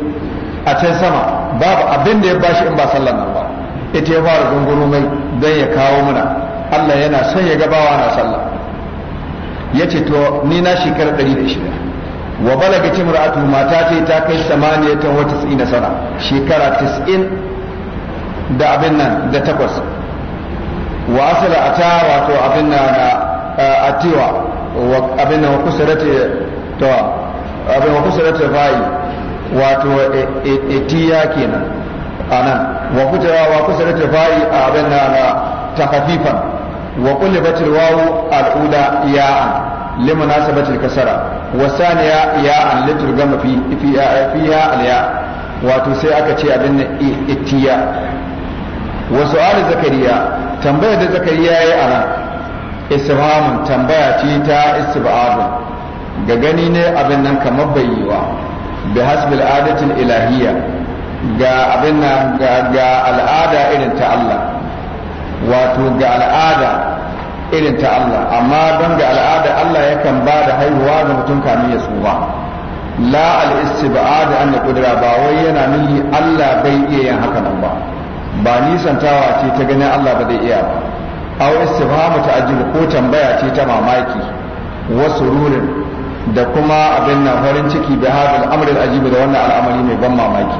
Speaker 1: a can sama babu abin da ya bashi in ba Sallah nan ba ita ya fara gunguru mai don ya kawo muna Allah yana son ya gabawa na sallah ya ce to ni na shekara ɗari da shida wa balaga timra'atu mata ce ta kai samaniyatan sana shekara 90 da abin nan da takwas wa asala ata wato abin nan na atiwa wa abin nan wa kusurati to abin nan kusurati bai wato e, e, etiya kenan anan wa kujawa wa kusurati bai abin nan takafifan wa qulibatil wawu al'uda ya'an لمناسبة الكسرة والثانية ياء لترجم في فيها فيها الياء وتسيء كتي أبن اتياء وسؤال زكريا تنبيه زكريا يا أنا استفهام تنبيه تيتا استبعاد gagani ne abin بحسب kamar الإلهية yi wa bi hasbil adatin ilahiyya ga abin nan ga irin ta Allah amma don ga al'ada Allah yakan ba da haihuwa ga mutum kamin ya tsufa la al da an kudura ba wai yana nuni Allah bai iya yin haka nan ba ba nisantawa ce ta ganin Allah ba zai iya ba aw ta ta'jil ko tambaya ce ta mamaki wasu rurin da kuma abin na farin ciki da hadal amr al-ajib da wannan al'amari mai ban mamaki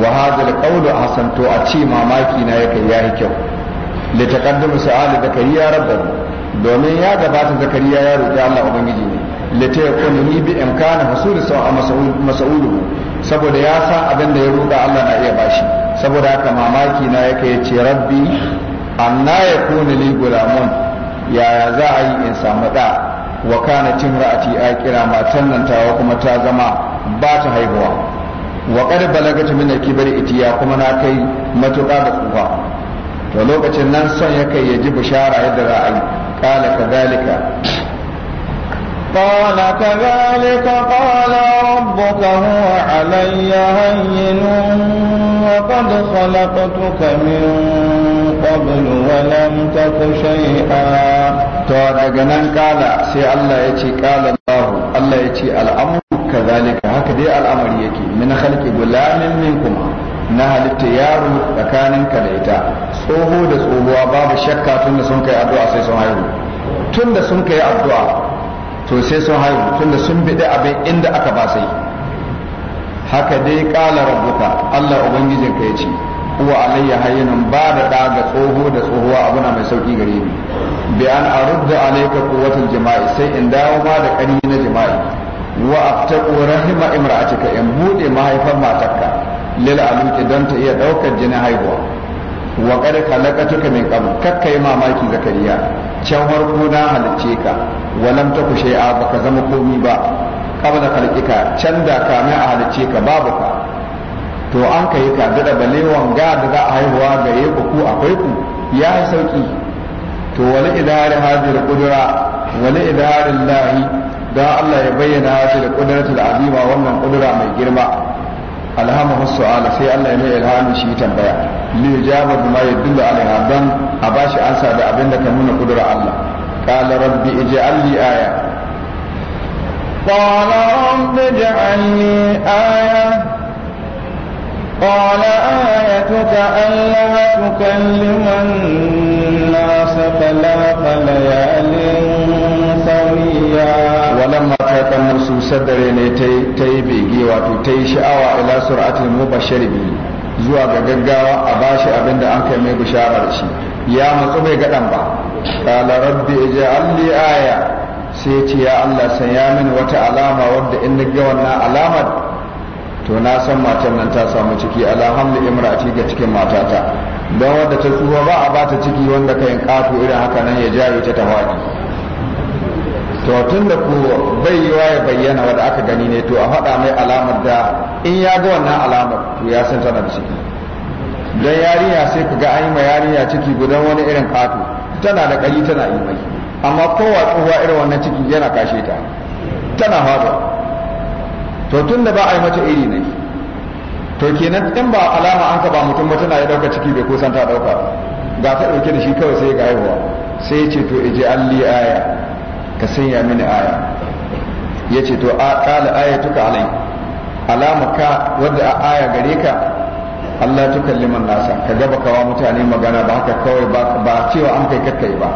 Speaker 1: wa hadal qawlu hasan a ce mamaki na ya yi kyau da taqaddum su'al zakariya rabbahu domin ya gabata zakariya ya roki Allah ubangiji ne da ta yakunu ni bi imkana hasuri sa'a mas'uluhu saboda ya san abin da ya roka Allah na iya bashi saboda haka mamaki na yake ya ce rabbi anna kuna li gulamun yaya za a yi in samu da wa kana a akira matan nan tawa kuma ta zama ba ta haihuwa wa qad balagatu min al-kibri itiya kuma na kai matuƙa da tsufa to lokacin nan son ya kai ya ji bishara yadda za a yi kala kadhalika
Speaker 2: قال كذلك قال ربك هو علي هين وقد خلقتك من
Speaker 1: قبل ولم تك شيئا to daga nan kala sai Allah ya ce kala Allah Allah ya ce al'amru kazalika haka dai al'amari yake min khalqi gulamin kuma. na halitta yaro tsakaninka da ita tsoho da tsohuwa babu shakka tun da sun kai addu'a sai sun haihu tun da sun kai addu'a to sai sun haihu tun da sun biɗi abin inda aka ba sai haka dai kala rabbuka Allah ubangijinka ya ce huwa alayya ba da da ga tsoho da tsohuwa abu na mai sauki gare ni bi an arudda alayka quwwatul jima'i sai in dawo ma da ƙani na jima'i wa aftaqu rahima imra'atika in bude mahaifar matarka lil don ta iya daukar jinin haihuwa wa qad khalaqatuka min kakka yi mamaki zakariya can harko na halicce ka walam kushe a baka zama komi ba kama da khalqika can da kame a halicce ka babu ka to an ka yi ka da balewan ga da za a haihuwa ga ku ku akwai ku ya yi sauki to wani idari da kudura wani idari lahi don Allah ya bayyana hajjar da azima wannan kudura mai girma alhamahu su'ala sai Allah ya mai ilhamin shi tambaya li yajaba bima yadullu alaiha dan a bashi ansa da abin da ka nuna kudura Allah qala rabbi ij'al li aya qala rabbi ij'al li aya
Speaker 2: قال آيتك ألا تكلم الناس ثلاث ليال
Speaker 1: walamma ta kan nafsu sadare ne ta yi bege wato ta yi sha'awa ila sur'atin mubashir bi zuwa ga gaggawa a bashi abinda an kai mai bisharar shi ya matsu bai gadan ba qala rabbi ij'al li aya sai ce ya Allah sanya min wata alama wadda in ga wannan alamar to na san matan nan ta samu ciki alhamdu imrati ga cikin matata don wadda ta tsuwa ba a bata ciki wanda kayan kafu irin haka nan ya jaye ta tawaki to tun da ku bai yi ya bayyana wanda aka gani ne to a faɗa mai alamar da in ya ga wannan alamar to ya san tana da ciki don yarinya sai ku ga an yi ma yarinya ciki gudan wani irin ƙato tana da ƙari tana yi mai amma kowa tsohuwa irin wannan ciki yana kashe ta tana haɗa to tun da ba a yi mata iri ne to kenan in ba alama an ka ba mutum ba tana ya ɗauka ciki bai kusan ta ɗauka ga ta ɗauke da shi kawai sai ga haihuwa sai ce to ije alli aya ka sanya mini aya ya ce to a ƙala aya tuka alai alama ka wadda a aya gare ka Allah tuka liman nasa ka gaba kawa mutane magana ba haka kawai ba cewa an kai kakkai ba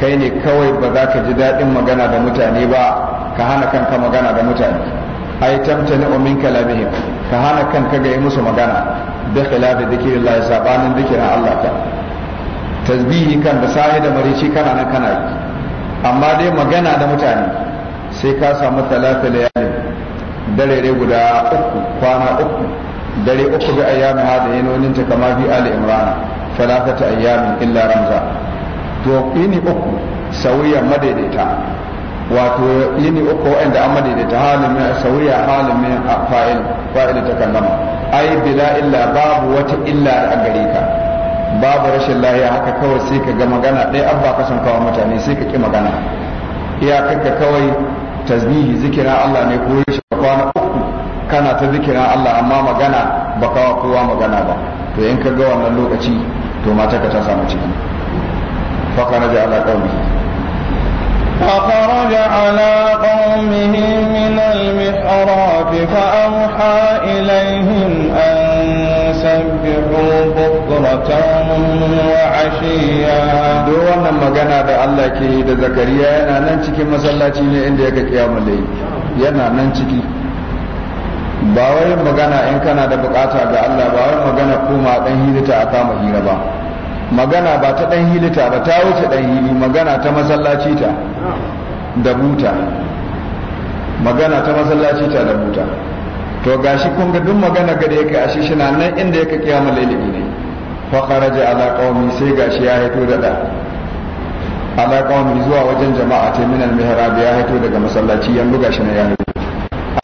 Speaker 1: kai ne kawai ba za ka ji daɗin magana da mutane ba ka hana kanka magana da mutane ai tamtani umin kalamihim ka hana kanka ga yi musu magana da khilaf zikrillah sabanin zikirin Allah ta tasbihi kan da sahi da marici kana nan kana yi amma dai magana da mutane sai ka samu talata layali dare dai guda uku kwana uku dare uku bi ayyami ha da yanonin ta kama bi ali imrana salatata ayyami illa ramza to ini uku sauya madaidaita wato yini uku wanda an madaidaita halin mai sauya halin mai fa'il fa'il ta kallama ai bila illa babu wata illa a gare ka babu rashin lahiya haka kawai sai ka ga magana ɗaya an ba ka son kawo mutane sai ka ƙi magana iyakarka kawai tasbihi zikira Allah ne ko shi kwana uku kana ta zikira Allah amma magana ba kawo kowa magana ba to in ka ga wannan lokaci to mata ka ta samu ciki fa kana da ala qaumi
Speaker 2: فخرج على قومه من المحراب فأوحى إليهم
Speaker 1: أن duk wannan magana da Allah ke yi da Zakariya yana nan cikin masallaci ne inda yake kiyamul layl yana nan ciki ba wai magana in kana da bukata ga Allah ba wai magana kuma dan hilita a kama hira ba magana ba ta dan hilita ba ta wuce dan hili magana ta masallaci ta da buta magana ta masallaci ta da buta to ga shi kun ga duk magana da yake ashe shi na nan inda yake kiyama lailimi ne fa kharaja ala qaumi sai gashi ya hito da da ala qaumi zuwa wajen jama'a ta minal mihrab ya hito daga masallaci yan buga shi na ya hito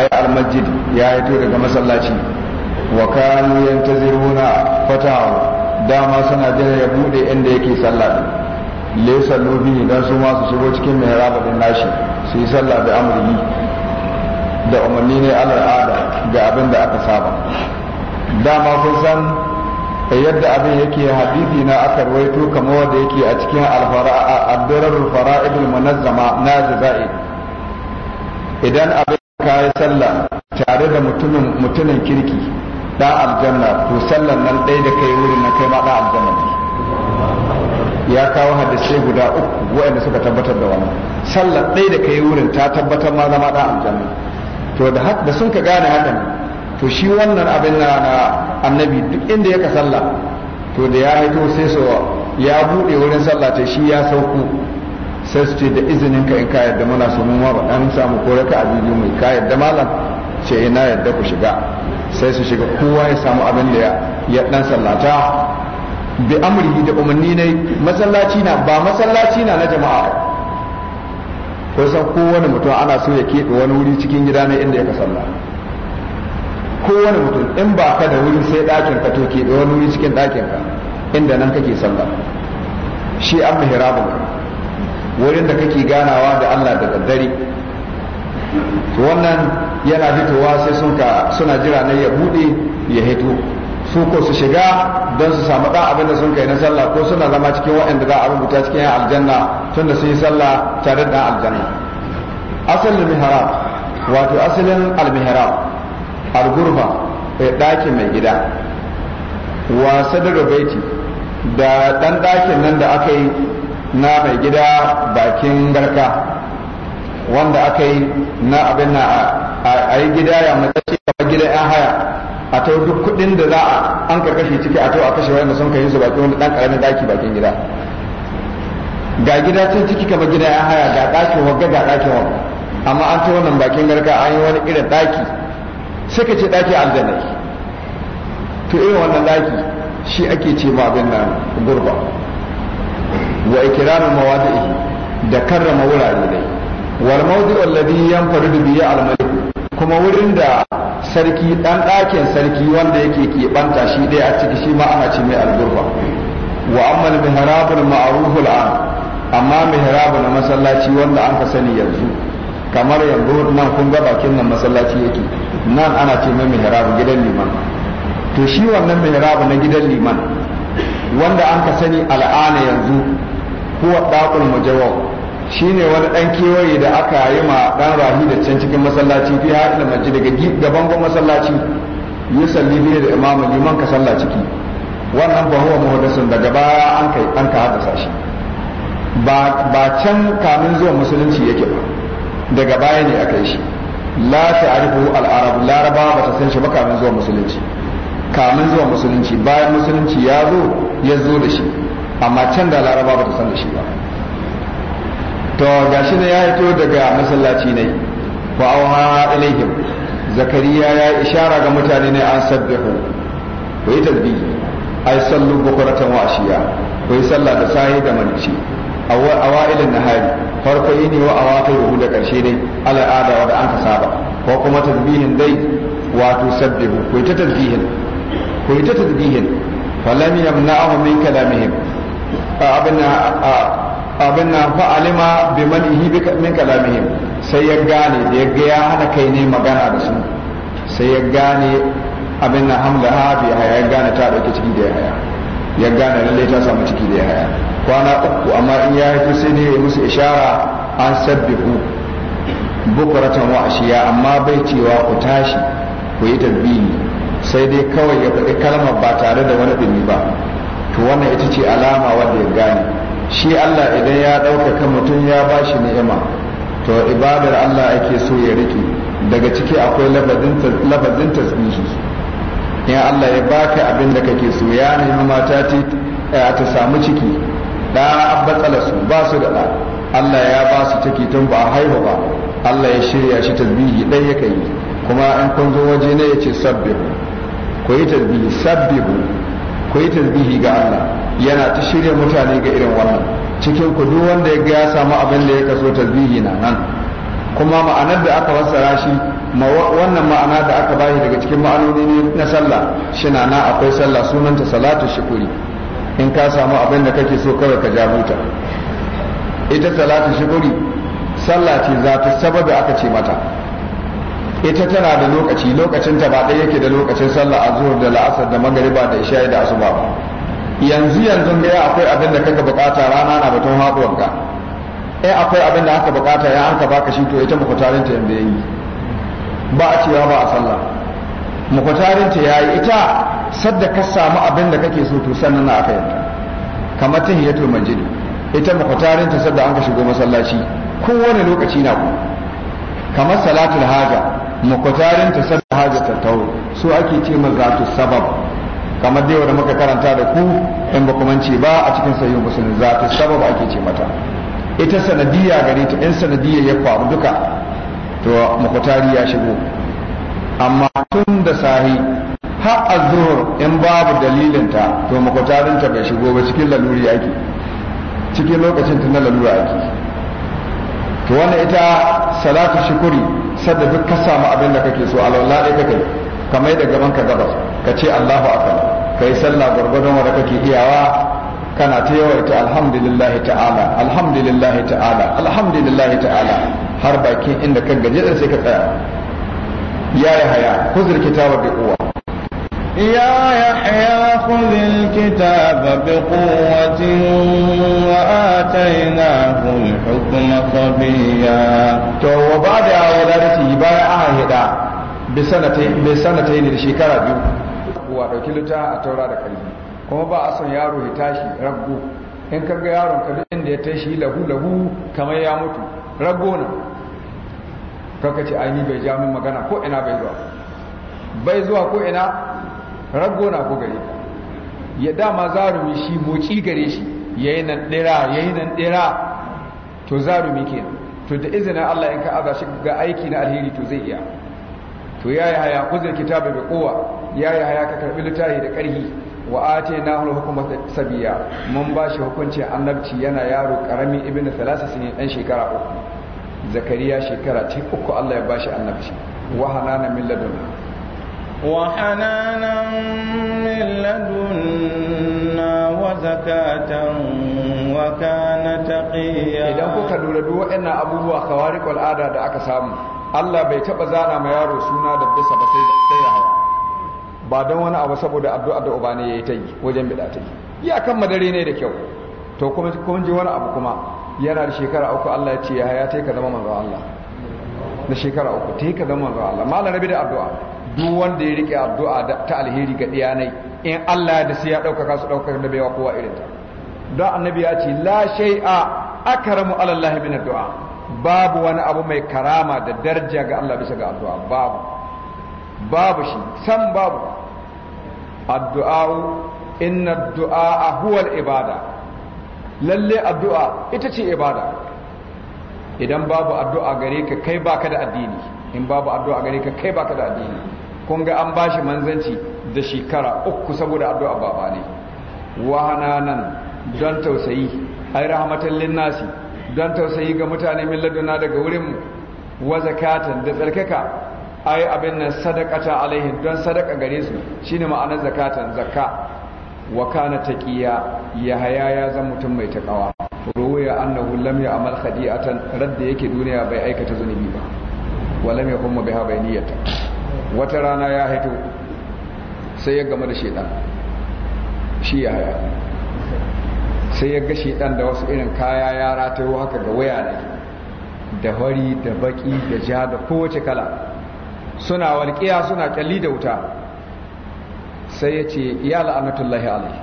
Speaker 1: ai al masjid ya hito daga masallaci wa kanu yantaziruna fatahu dama suna jira ya bude inda yake sallah laysa lubi dan su ma su shigo cikin mihrab din nashi su yi sallah da amrihi da umarni ne al'ada ga abin da aka saba dama kun san yadda abin yake hadisi na aka ruwaito kamar wanda yake a cikin al-durar fara'id al-munazzama na jaza'i idan abin yi sallah tare da mutumin mutumin kirki da aljanna to sallan nan ɗaya da kai wurin na kai ma da aljanna ya kawo hadisai guda uku waɗanda suka tabbatar da wannan sallar ɗaya da kai wurin ta tabbatar ma zama da aljanna to da da sun ka gane hakan to shi wannan abin na annabi duk inda ya ka sallah to da ya haito sai so ya bude wurin sallah ta shi ya sauko sai su ce da izinin ka in ka yadda muna so mun ba dan samu ko raka a bidiyo mai ka yadda malam ce ina eh, yadda ku shiga sai su shiga kowa ya samu abin da ya dan sallata bi amri da umarni ne masallaci na ba masallaci na na jama'a ko san kowane mutum ana so ya keɓe wani wuri cikin gida na inda ya ka sallah kowane mutum in ba ka da wuri sai ɗakin ka to keɓe wani wuri cikin ɗakin ka inda nan kake sallah shi an mihrabun wurin da kake ganawa da Allah da daddare wannan yana fitowa sai sun ka suna jira ne ya bude ya hito su ko su shiga don su samu ɗan abin da sun kai na sallah ko suna zama cikin waɗanda za a rubuta cikin yan aljanna tun da sun yi sallah tare da aljanna asalin mihrab wato asalin almihrab algurfa eh, ɗaki mai gida wa daga baiti da ɗan ɗakin nan da aka yi na mai gida bakin garka wanda aka yi na abin na a yi gida ya mace kamar gidan yan haya a ta duk kuɗin da za a an karkashe ciki a tawo a kashe wani sun kai su baki wani ɗan karamin ɗaki bakin gida ga gida ce ciki kamar gida ya haya ga ɗakin wagga ga ɗakin wagga amma an tawo nan bakin garka an yi wani irin ɗaki sai ka ce ɗaki aljanna to irin wannan ɗaki shi ake ce ma abin nan gurba wa ikramu mawadi da karrama wurare dai wal mawdi'u alladhi yanfaridu bihi al-malik kuma wurin da sarki ɗan ɗakin sarki wanda yake keɓanta shi ɗaya a ciki shi ma ana ce mai algurfa wa ammal mihrabul ma'ruf an amma mihrabu na masallaci wanda an ka sani yanzu kamar yanzu nan kun ga bakin nan masallaci yake nan ana ce mai mihrabu gidan liman to shi wannan mihrabu na gidan liman wanda an ka sani al'ana yanzu huwa daqul mujawwab shine wani dan kewaye da aka yi ma dan rahi da can cikin masallaci fi hadin masjid daga gaban gon masallaci ya salli biye da imamu liman ka salla ciki wannan ba huwa muhaddasun daga baya an kai an ka haɗa sashi ba ba can kamin zuwa musulunci yake ba daga baya ne aka yi shi la ta'rifu al-arab laraba ba ta san shi ba kamin zuwa musulunci kamin zuwa musulunci bayan musulunci ya zo ya zo da shi amma can da laraba ba ta san da shi ba to gashi ne ya hito daga masallaci ne fa auha ilaihim zakariya ya ishara ga mutane ne an sabbihu ku yi tasbihi ai sallu bukuratan wa ashiya ku yi sallah da sahi da manci awailin nahari farko yini wa ruhu da karshe ne al'ada wa da an saba ko kuma tasbihin dai wato sabbihu ku yi ta tasbihin ku yi ta tasbihin falam yamna'u min kalamihim abinna abin nan fa'alima bi manihi min kalamihim sai ya gane da ya ga hana kai ne magana da su sai ya gane abin nan hamla ha bi haya ya gane ta dauke ciki da ya haya ya gane lalle ta samu ciki da ya haya kwana uku amma in ya haifi sai ne ya musu ishara an sabbihu bukuratan wa ashiya amma bai cewa ku tashi ku yi tabbini sai dai kawai ya faɗi kalmar ba tare da wani ɗumi ba to wannan ita ce alama wanda ya gane shi Allah idan ya ɗaukaka mutum ya ba shi ni'ima to ibadar Allah ake so ya rike daga ciki akwai lafazin tasbihi in Allah ya baka abin da kake so ya nemi mata ta eh, samu ciki da abbatsala su ba su da ɗa Allah ya ba su ciki tun ba a haihu ba Allah ya shirya shi tasbihi ɗan ya kai kuma in kun zo waje ne ya ce sabbihu ku yi tasbihi sabbihu ku yi tasbihi ga Allah yana ta shirya mutane ga irin wannan cikin ku duk wanda ya ga ya samu abin da ya kaso tasbihi na nan kuma ma'anar da aka fassara shi wannan ma'ana da aka bashi daga cikin ma'anoni na sallah shi na na akwai sallah sunanta salatu shukuri in ka samu abin da kake so kawai ka ja buta ita salatu shukuri sallah ce za ta sababi aka ce mata ita tana da lokaci lokacin ta ba ɗaya yake da lokacin sallah a zuhur da la'asar da magariba da isha'i da asuba ba yanzu yanzu ga akwai abin da kaka bukata rana na batun haɗuwanka ka eh akwai abin da aka bukata ya an ka baka shi to ita mukutarin ta yanda yayi ba a cewa ba a sallah mukutarin ta yayi ita sadda ka samu abin da kake so to sannan na aka yanka kamar tahiyatul masjid ita mukutarin ta sadda an ka shigo masallaci kowane lokaci na kamar salatul haja mukutarin ta sada haja ta tau su ake ce zatu sabab kamar dai wanda muka karanta da ku in ba ce ba a cikin sayyid musulun zatu sabab ake ce mata ita sanadiyya gare ta in sanadiyya ya faru duka to mukutari ya shigo amma tun da sahi har azhur in babu dalilinta to mukutarin ta bai shigo ba cikin laluri yake cikin lokacin tun da laluri yake to wannan ita salatu shukuri sadda duk ka samu abin da kake so alwala dai kake kamar da gaban ka gabas ka ce Allahu akbar kai sallah gurgurdon wanda kake iyawa kana ta yawaita alhamdulillah ta'ala alhamdulillah ta'ala alhamdulillah ta'ala har bakin inda ka gaje sai ka tsaya ya haya kuzur kitabar bi uwa يا يحيى خذ الكتاب بقوة
Speaker 2: وآتيناه الحكم صبيا تو وبعد ولادته بايع أهدا
Speaker 1: بسنتين بسنتين لشكرا بيو ودوكي لتا أتورا دكالي kuma ba a son yaro ya tashi raggo in kaga yaron ka duk inda ya tashi lahu lahu kamar ya mutu raggo na kaka ce ai bai ja min magana ko ina bai zuwa bai rago na ku gare ya dama zarumi shi moci gare shi yayi nan dira yayi nan dira to zarumi kenan to da izinin Allah in ka aza shi ga aiki na alheri to zai iya to yayi haya kuzir kitabe bi kowa yayi haya ka karbi littafi da karhi wa na hu hukuma sabiya mun bashi hukunci annabci yana yaro karami ibnu thalasa sinin dan shekara uku zakariya shekara ta uku Allah ya bashi annabci wa hanana min ladunna وحنانا
Speaker 2: من لدنا وزكاة
Speaker 1: وكان تقيا إذا كنت لدو إن أبوه خوارق العادة da aka samu Allah bai taɓa zana ma yaro suna da bisa ba sai ya haya ba don wani abu saboda addu'a da uba yayi ya ta yi wajen bida ta yi ya kan madare ne da kyau to kuma kun ji wani abu kuma yana da shekara uku Allah ya ce ya haya ta yi ka zama manzo Allah da shekara uku ta yi ka zama manzo Allah malam rabi da addu'a duk wanda ya rike addu'a ta alheri ga diyanai in Allah da dace ya ɗaukaka su daukar da baiwa kowa irin ta don annabi ya ce la shay'a akramu ala Allah min addu'a babu wani abu mai karama da daraja ga Allah bisa ga addu'a babu babu shi san babu addu'a inna addu'a huwa ibada lalle addu'a ita ce ibada idan babu addu'a gare ka kai baka da addini in babu addu'a gare ka kai baka da addini kun ga an bashi manzanci da shekara uku saboda addu'a baba ne wahananan don tausayi ai rahmatan linnasi don tausayi ga mutane min laduna daga wurin wa zakatan da tsarkaka ai abin nan ta alaihi don sadaka gare su shine ma'anar zakatan zakka wa kana taqiya yahaya ya zan mutum mai takawa ruwaya annahu lam amal khadi'atan radda yake duniya bai aikata zunubi ba wa lam yakun biha bainiyatan wata rana ya haito sai ya gama da shedan shi ya haya sai ya ga shedan da wasu irin kaya ya ratayo haka ga waya ne da hori da baki da ja da kowace kala suna walƙiya suna kyalli da wuta sai ya ce ya la'anatullahi alai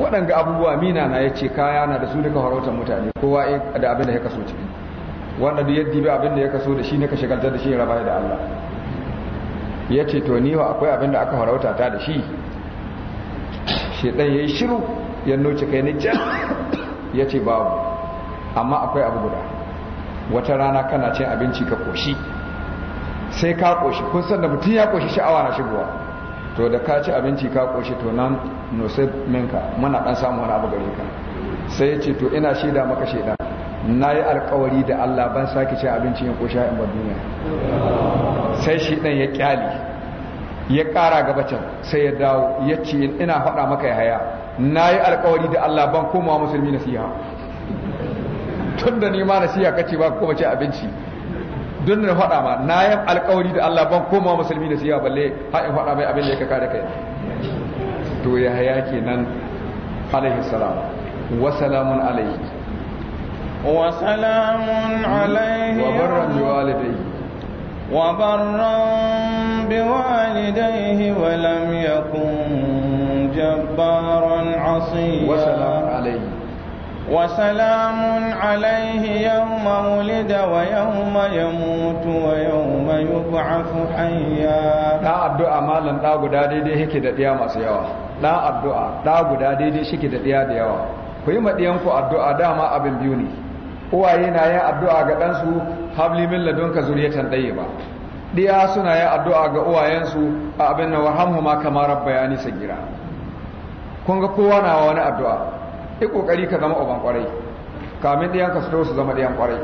Speaker 1: waɗanga abubuwa mina na ya ce kaya na da su duka harautar mutane kowa da abin da ya kaso ciki wanda duk yadda abin da ya kaso da shi ne ka shigaltar da shi ya raba da Allah ya ce to niwa akwai abin da aka harauta ta da shi shaidan ya yi shiru ya noce kai ni can ya ce babu amma akwai abu guda wata rana kana cin abinci ka koshi sai ka koshi kun san da mutum ya koshi sha'awa na shigowa to da ka ci abinci ka koshi to nan nosai minka muna dan samu wani abu gare ka sai ya ce to ina shaida maka shaida na yi alkawari da allah ban sake cin abinci in koshi in bar duniya sai shi ɗan ya ƙyali ya ƙara gabacin can sai ya dawo ya ce ina faɗa maka ya haya na yi alkawari da Allah ban komawa musulmi na siya tun da nima siya kace ba kuma ce abinci don na faɗa ma na yi alkawari da Allah ban komawa musulmi na siya balle haɗin faɗa mai abin da ya kaka da kai to ya haya nan alaihi salam wa salamun alaihi wa salamun
Speaker 3: alaihi wa barra
Speaker 2: bi وبرا بوالديه ولم يكن جبارا عصيا وسلام عليه وسلام عليه يوم ولد ويوم
Speaker 1: يموت ويوم يبعث حيا دا addu'a malam da guda daidai yake da diya masu yawa da addu'a da guda daidai shike da diya da ku yi ma diyan ku addu'a dama abin biyu ne uwaye na yin addu'a ga ɗansu habli min ladunka zuriyatan ba diya suna yin addu'a ga uwayensu a abin na warhamhu ma kama bayani sagira kun ga kowa na wani addu'a yi kokari ka zama uban kwarai kamin diyan ka su zama diyan kwarai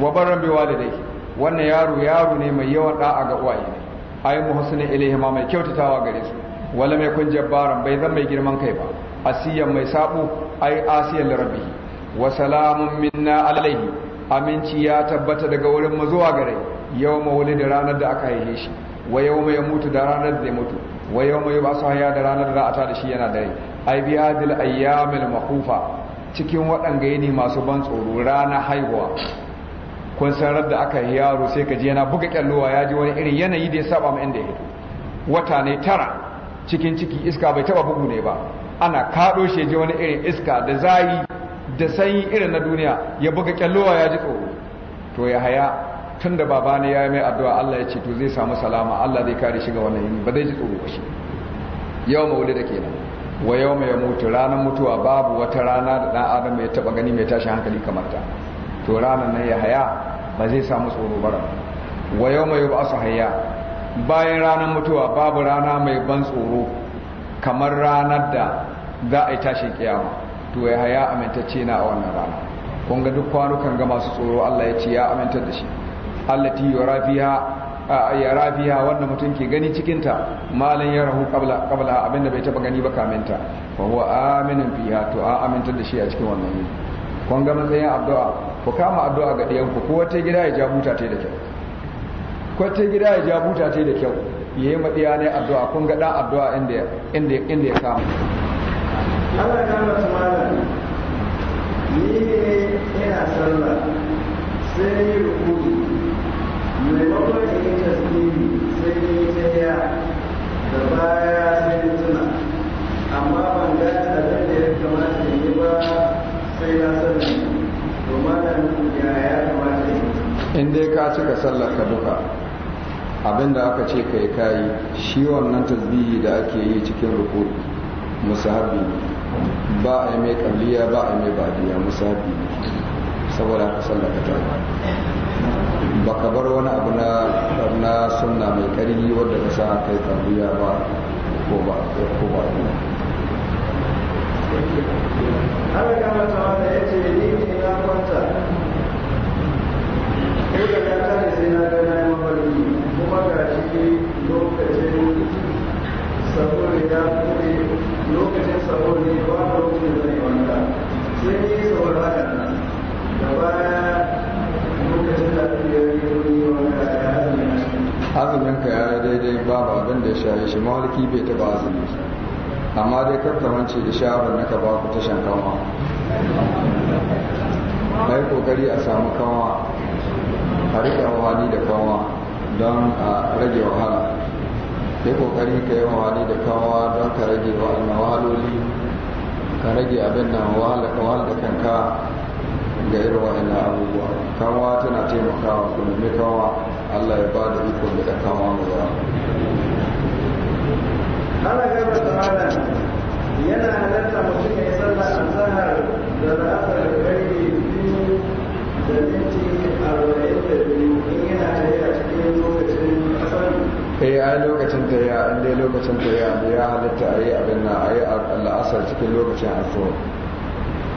Speaker 1: wa barran bi walidai wannan yaro yaro ne mai yawan da'a ga uwaye ne ayi muhsinin ilaihi ma mai kyautatawa gare su wala mai kun jabbaran bai zan mai girman kai ba asiyan mai sabu ai asiyan rabbi wa salamun minna alaihi aminci ya tabbata daga wurin mu zuwa gare yau mawuli da ranar da aka haife shi wa yau mai mutu da ranar da ya mutu wa yau mai ba su haya da ranar da ta da shi yana dare ai bi hadil ayyamil mahufa cikin waɗanga yini masu ban tsoro rana haihuwa kun san da aka yi yaro sai ka ji yana buga kyalluwa ya ji wani irin yanayi da ya saba ma inda ya hito wata ne tara cikin ciki iska bai taba bugu ne ba ana kaɗo shi ji wani irin iska da zai da sanyi irin na duniya ya buga kyallowa ya ji tsoro to ya haya tun da baba ya yi mai addu'a Allah ya ce to zai samu salama Allah zai kare shi ga wannan yini ba zai ji tsoro ba shi yau maulida kenan wa yau mai mutu ranar mutuwa babu wata rana da ɗan adam ya taɓa gani mai tashin hankali kamar ta to ranar nan ya haya ba zai samu tsoro ba wa yau mai ba su haya bayan ranar mutuwa babu rana mai ban tsoro kamar ranar da za a yi tashin kiyama to ya haya amintacce na a wannan rana kun ga duk kwanukan ga masu tsoro Allah ya ce ya amintar da shi allati yura ya rafiya wannan mutum ke gani cikinta malan ya rahu kabla abinda bai taba gani ba kaminta fa huwa aminin fiha to a amintar da shi a cikin wannan yini kun ga matsayin addu'a ku kama addu'a ga ku ko wata gida ya ja buta ta da kyau ko wata gida ya ja buta ta da kyau yayi madiya ne addu'a kun ga ɗan addu'a inda ya kama
Speaker 4: Allah ya mata malami, ni ne ina sallah sai ni rukudu maimakon in yi tasbihi sai ni yi tahiya da baya sai ni tuna amma ban gane abin da ya kamata in yi ba sai na sani to malam ya ya kamata in yi
Speaker 1: in dai ka cika sallar ka duka abinda aka ce ka kai kayi shi wannan tasbihi da ake yi cikin rukudu musahabi ba a yi mai kabliya ba a yi mai badiya musabi saboda ka sallaka ta ba ka bar wani abu na na sunna mai karni wadda ka sa kai kabliya ba
Speaker 3: ko ba ko ba ko ko ko ko ko ko ni ko
Speaker 4: ko ko ko ko ta ko na ko ko ko ko ko ko ko sabo ya kure lokacin sabo ba ba lokacin da ne wanda sai ni saboda haka nan da baya lokacin da ta yi wani wanda ya azumi
Speaker 1: azumin ka ya daidai babu abin da ya shaye shi mawalki bai taba azumi amma dai kakkamance da shawar da ka ba ku tashan kama na yi kokari a samu kama a riƙa wahani da kama don a rage wahala yi kokari ka yi wani da kawawa don ka rage wa'annan wahaloli ka rage abin nan wahal da kanka ga irin wa'annan abubuwa kawawa tana taimakawa ku nemi kawawa allah ya ba da ikon da ta kawawa mu za
Speaker 4: ana gaba da malam yana halatta mutum ya yi sallah da la'asar gari biyu da minti arba'in da biyu
Speaker 1: eh a lokacin ta ya an dai lokacin ta ya da ya halatta a yi abin na a yi al'asar cikin lokacin asuwa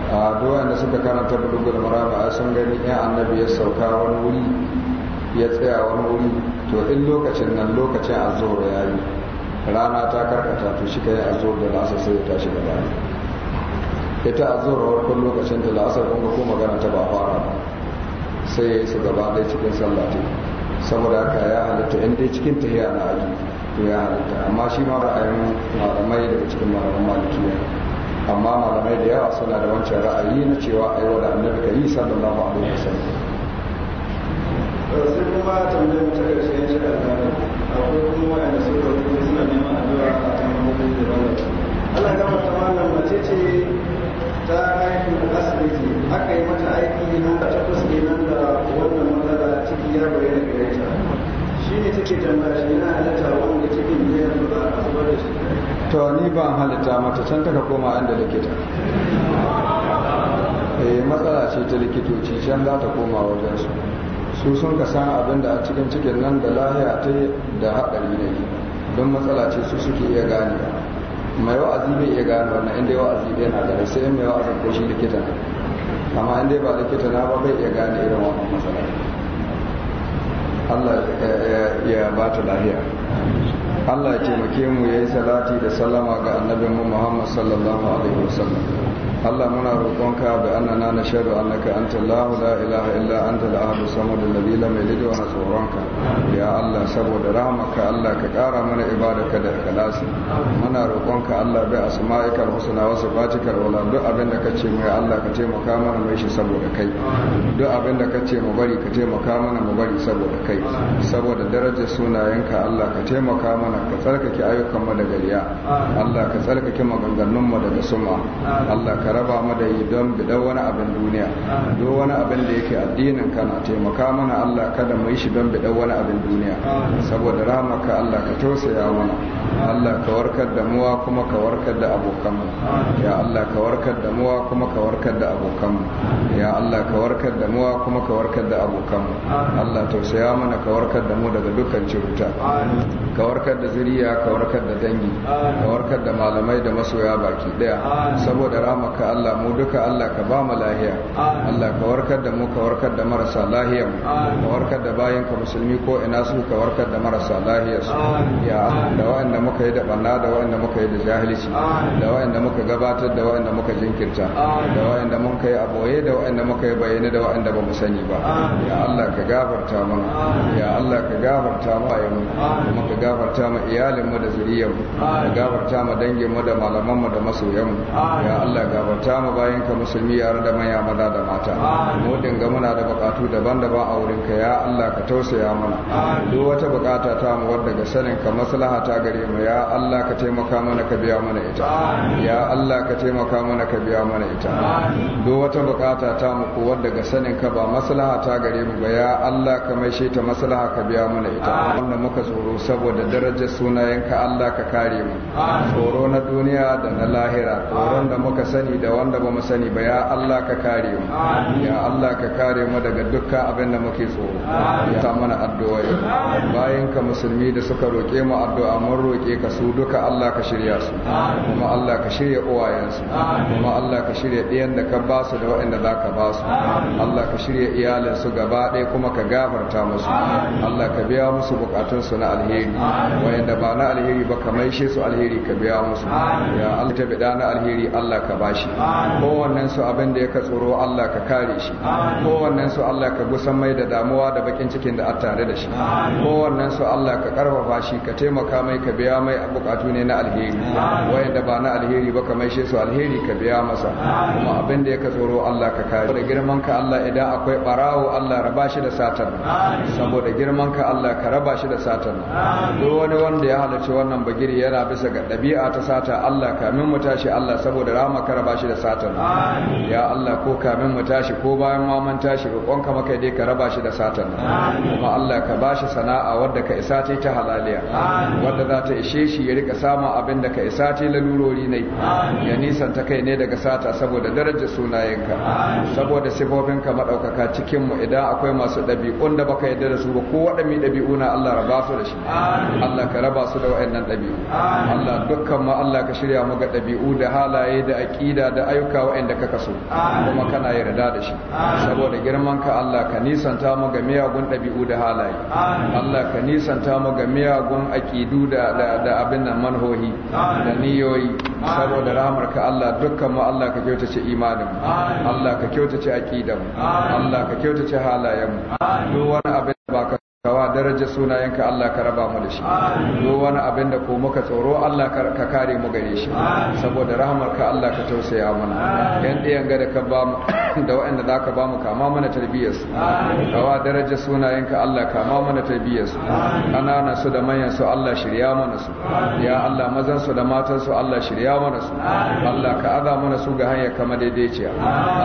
Speaker 1: a duwanda suka karanta bulugul marama a sun gani ya annabi ya sauka wani wuri ya tsaya wani wuri to in lokacin nan lokacin azuhur ya yi rana ta karkata to shi ka yi azuhur da la'asar sai ya tashi da ita a warkun lokacin da la'asar kun ga ko magana ta ba fara ba sai ya yi su gaba ɗaya cikin sallah saboda haka ya halitta in dai cikin tahiya na aji to ya halitta amma shi ma ra'ayin malamai daga cikin malaman malikiya amma malamai da yawa suna da wancan ra'ayi na cewa a yi wa annabi ka yi sallallahu alaihi wasallam
Speaker 4: sai kuma tambayar mu ta karshe ya shi alƙalin akwai kuma wa'anda suka rubuta suna neman addu'a a kan hukumar da Allah ya gama tamamin mace ce ta aikin asibiti aka yi mata aiki na takwas ne nan da wannan matsala ciki ya da gare ta shi ne take tambaya shi yana halatta wanda cikin ne yanzu ba a zubar da shi
Speaker 1: to ni ba halitta mata can taka koma inda likita eh matsala ce ta likitoci can za ta koma wajen su su sun ka san abin da a cikin cikin nan da lahiya ta da haɗari ne don matsala ce su suke iya ganewa mai wa'azi bai iya gane wannan inda ya wa'azi bai na gare sai mai wa'azi ko shi likita amma inda ba likita na ba bai iya gane irin wannan matsala Allah ya ba ta lafiya Allah ya taimake mu yayi salati da salama ga annabinmu Muhammad sallallahu alaihi wasallam Allah muna roƙonka bi annana na shaidu annaka anta Allahu la ilaha illa anta da ahadu samad la mai yalid wa tsoronka ya Allah saboda rahmaka Allah ka ƙara mana ibadarka da ikhlasi muna roƙonka Allah bi asma'ika al-husna wa sifatika al-ula duk abin da kace mu Allah ka taimaka mana mai shi saboda kai duk abin da kace mu bari ka taimaka mana mu bari saboda kai saboda darajar sunayenka Allah ka taimaka mana ka tsarkake ayyukan mu daga riya Allah ka tsarkake maganganun mu daga suma Allah ka ka raba mu yi don bidan wani abin duniya duk wani abin da yake addinin ka na taimaka mana Allah kada mu yi shi don bidan wani abin duniya saboda rahmaka Allah ka tausaya mana Allah ka warkar da muwa kuma ka warkar da abokanmu ya Allah ka warkar da muwa kuma ka warkar da abokanmu ya Allah ka warkar da muwa kuma ka warkar da abokanmu Allah tausaya mana ka warkar da mu daga dukkan ciruta ka warkar da zuriya ka warkar da dangi ka warkar da malamai da masoya baki daya saboda rahmaka maka Allah mu duka Allah ka ba mu lahiya Allah ka warkar da mu ka warkar da marasa lahiya ka warkar da bayan ka musulmi ko ina su ka warkar da marasa lahiya su ya da wa'anda muka yi da banna da wa'anda muka yi da jahilci da wa'anda muka gabatar da wa'anda muka jinkirta da wa'anda muka yi aboye da wa'anda muka yi bayyane da wa'anda ba mu sani ba ya Allah ka gafarta mana ya Allah ka gafarta mu ayyuka kuma ka gafarta mu iyalinmu da mu ka gafarta mu danginmu da malamanmu da masoyanmu ya Allah gafarta azabta mu bayan ka musulmi yare da manya maza da mata mu dinga muna da bukatu daban-daban a wurin ka ya Allah ka tausaya mana duk wata bukata ta mu wadda ga sanin ka maslaha ta gare mu ya Allah ka taimaka mana ka biya mana ita ya Allah ka taimaka mana ka biya mana ita duk wata bukata ta mu ko wadda ga sanin ka ba maslaha ta gare mu ba ya Allah ka maishe ta maslaha ka biya mana ita wannan muka tsoro saboda darajar ka Allah ka kare mu tsoro na duniya da na lahira tsoron da muka sani da wanda ba mu sani ba ya Allah ka kare mu ya Allah ka kare mu daga dukkan abin da muke tsoro ya ta mana addu'a bayan ka musulmi da suka roƙe mu addu'a mun roƙe ka su duka Allah ka shirya su kuma Allah ka shirya uwayensu kuma Allah ka shirya ɗiyan da ka ba su da waɗanda za ka ba su Allah ka shirya iyalinsu gaba ɗaya kuma ka gafarta musu Allah ka biya musu bukatunsu na alheri waɗanda ba na alheri ba ka maishe su alheri ka biya musu ya Allah ta na alheri Allah ka bashi shi kowannen su abin da yaka tsoro Allah ka kare shi kowannen su Allah ka gusan mai da damuwa da bakin cikin da a tare da shi kowannen su Allah ka karfafa shi ka taimaka mai ka biya mai bukatu ne na alheri da ba na alheri ba ka maishe su alheri ka biya masa kuma abin da yaka tsoro Allah ka kare da girman ka Allah idan akwai barawo Allah raba shi da satan saboda girman ka Allah ka raba shi da satan duk wani wanda ya halarci wannan bagiri yana bisa ga ɗabi'a ta sata Allah kamin mu tashi Allah saboda rama ka raba shi da satan ya Allah ko kamin mu tashi ko bayan ma mun tashi roƙonka maka dai ka raba shi da satan
Speaker 3: kuma
Speaker 1: Allah ka bashi sana'a wadda ka isa ta ta halaliya wadda za ta ishe shi ya rika samun abin da ka isa ta lalurori ne ya nisan ta kai ne daga sata saboda darajar sunayenka saboda ka madaukaka cikin mu idan akwai masu ɗabi'un da baka yarda da su ba ko waɗanne ɗabi'u na Allah raba su da shi Allah ka raba su da waɗannan ɗabi'u Allah dukkan ma Allah ka shirya mu ga ɗabi'u da halaye da aqida da ayyuka waɗanda kaka so kuma kana yarda da shi saboda girman ka Allah ka nisanta mu ga miyagun ɗabi'u da halaye Allah ka nisanta mu ga miyagun aƙidu da da abin nan manhohi da niyoyi saboda rahmar ka Allah dukkan mu Allah ka kyautace imanin Allah ka kyautace aqidan Allah ka kyautace halayen mu daraja sunayenka Allah ka raba mu da shi duk wani abin da ko muka tsoro Allah ka kare mu gare shi saboda rahmarka Allah ka tausaya mana yan ɗiyan ga da ka ba mu da waɗanda za ka ba mu kama mana tarbiyyar tarbiyyarsu kawa daraja sunayenka Allah kama mana su ƙananan su da manyan su Allah shirya mana su ya Allah mazan su da matan su Allah shirya mana su Allah ka aza mana su ga hanyar kama daidaiciya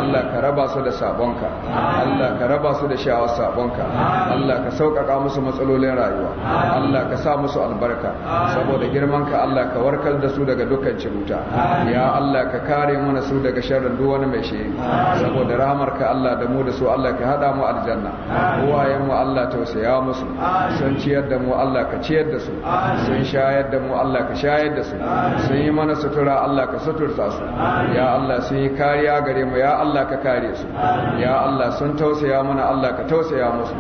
Speaker 1: Allah ka raba su da sabonka Allah ka raba su da sha'awar sabonka Allah ka sauƙaƙa musu matsalolin rayuwa Allah ka sa musu albarka saboda girman ka Allah ka warkar da su daga dukkan ciruta ya Allah ka kare mana su daga sharrin duk wani mai shi saboda rahmar ka Allah da mu da su Allah ka hada mu aljanna uwayen mu Allah tausaya musu sun ciyar da mu Allah ka ciyar da su sun shayar da mu Allah ka shayar da su sun yi mana sutura Allah ka suturta su ya Allah sun yi kariya gare mu ya Allah ka kare su ya Allah sun tausaya mana Allah ka tausaya musu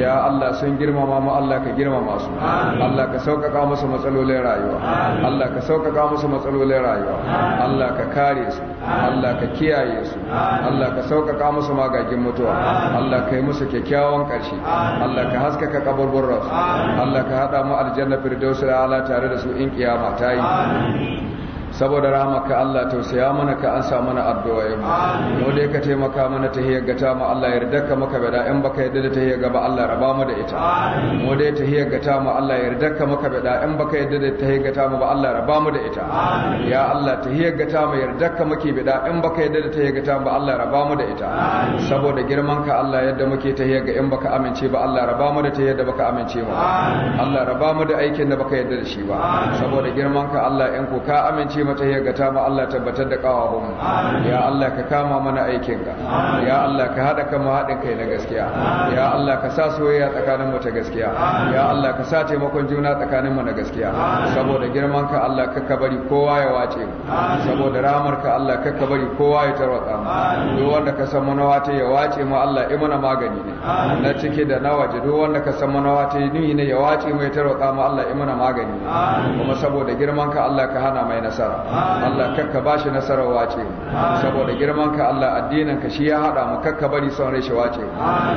Speaker 1: ya Allah sun girma girmama Allah ka girmama su Allah ka sauƙaƙa musu matsalolin rayuwa Allah ka sauƙaƙa musu matsalolin rayuwa Allah ka kare su Allah ka kiyaye su Allah ka sauƙaƙa musu magagin mutuwa Allah ka yi musu kyakkyawan ƙarshe Allah ka haskaka kaburburransu Allah ka haɗa mu aljanna da ala tare da su in kiyama ta yi saboda ramaka Allah tausaya mana ka an sa mana addu'a mu dai ka taimaka mana tahiyar gata mu Allah yarda ka maka bada in baka yarda da tahiyar gaba Allah raba mu da ita mu dai tahiyar gata mu Allah yarda ka maka bada in baka yarda da tahiyar gata mu ba Allah raba mu da ita ya Allah tahiyar gata mu yarda ka muke bada in baka yarda da tahiyar gata mu ba Allah raba mu da ita saboda girman ka Allah yadda muke tahiyar ga in baka amince ba Allah raba mu da ta da baka amince mu Allah raba mu da aikin da baka yarda da shi ba saboda girman ka Allah in ku ka amince ce mata ya gata ma Allah tabbatar da mu. ya Allah ka kama mana aikin ka ya Allah ka hada kama hadin kai na gaskiya ya Allah ka sa soyayya tsakanin mu ta gaskiya ya Allah ka sa taimakon juna tsakanin mu na gaskiya saboda girman ka Allah ka ka bari kowa ya wace saboda ramar ka Allah ka ka bari kowa ya tarwata duk wanda ka san mana wace ya wace mu Allah i mana magani ne na cike da na waje duk wanda ka san mana wace ni ne ya wace mu ya tarwata mu Allah i mana magani ne kuma saboda girman ka Allah ka hana mai nasara Allah kakka shi nasarar wace saboda girman ka Allah addinin ka shi ya hada mu kakka bari son rai shi wace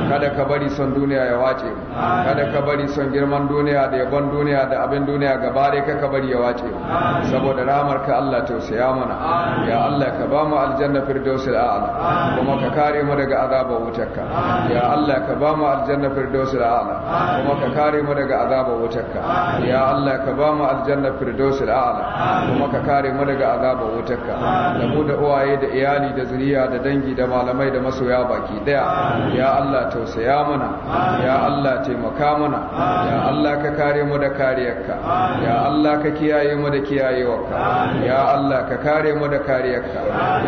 Speaker 1: kada ka bari son duniya ya wace kada ka bari son girman duniya da yabon duniya da abin duniya gaba dai kakka bari ya wace saboda ramar ka Allah tausaya mana ya Allah ka ba mu aljanna firdausil a'la kuma ka kare mu daga azabar ka ya Allah ka ba mu aljanna firdausil a'la kuma ka kare mu daga azabar ka ya Allah ka ba mu aljanna firdausil a'la kuma ka kare kare mu daga azabar wutarka da mu da uwaye da iyali da zuriya da dangi da malamai da masoya baki daya ya Allah tausaya mana ya Allah taimaka mana ya Allah ka kare mu da kariyarka ya Allah ka kiyaye mu da kiyayewarka ya Allah ka kare mu da kariyarka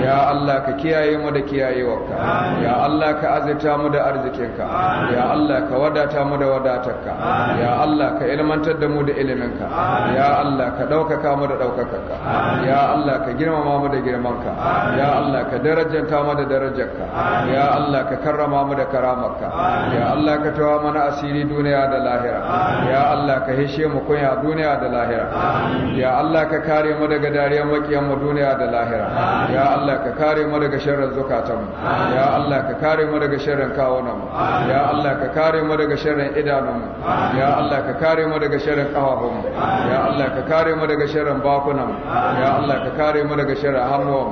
Speaker 1: ya Allah ka kiyaye mu da kiyayewarka ya Allah ka azurta mu da arzikinka ya Allah ka wadata mu da wadatarka ya Allah ka ilmantar da mu da iliminka ya Allah ka ɗaukaka mu da ɗaukakarka ya Allah ka girmama mu da girmanka ya Allah ka darajanta mu da darajarka ya Allah ka karrama mu da karamarka ya Allah ka tawa mana asiri duniya da lahira ya Allah ka hishe mu kunya duniya da lahira ya Allah ka kare mu daga dariyar makiyan mu duniya da lahira ya Allah ka kare mu daga sharrin zukatan mu ya Allah ka kare mu daga sharrin kawunan mu ya Allah ka kare mu daga sharrin idanun mu ya Allah ka kare mu daga sharrin kafafun mu ya Allah ka kare mu daga sharrin bakunan mu ya Allah ka kare mu daga sharrin hannuwan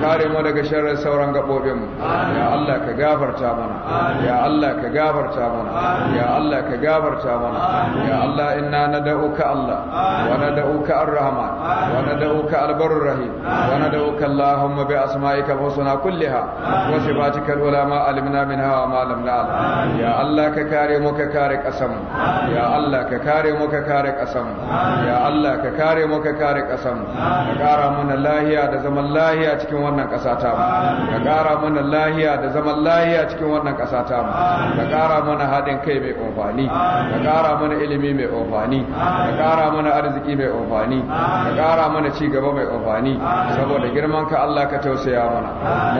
Speaker 1: kare mu daga sharrin sauran gabobin mu ya Allah ka gafarta mana ya Allah ka gafarta mana ya Allah ka gafarta mana ya Allah inna nad'uka Allah wa na nad'uka ar-rahman wa na nad'uka al-barr rahim wa nad'uka Allahumma bi asma'ika husna kulliha wa sifatika al-ula ma alimna minha wa ma lam na'lam ya Allah ka kare mu ka kare kasam ya Allah ka kare mu ka kare kasam ya Allah ka kare mu ka kare kasam ka ƙara mana lahiya da zaman lahiya cikin wannan ƙasa ta mu ka ƙara mana lahiya da zaman lahiya cikin wannan ƙasa ta mu ka ƙara mana haɗin kai mai amfani ka ƙara mana ilimi mai amfani ka ƙara mana arziki mai amfani ka ƙara mana ci gaba mai amfani saboda girman ka Allah ka tausaya mana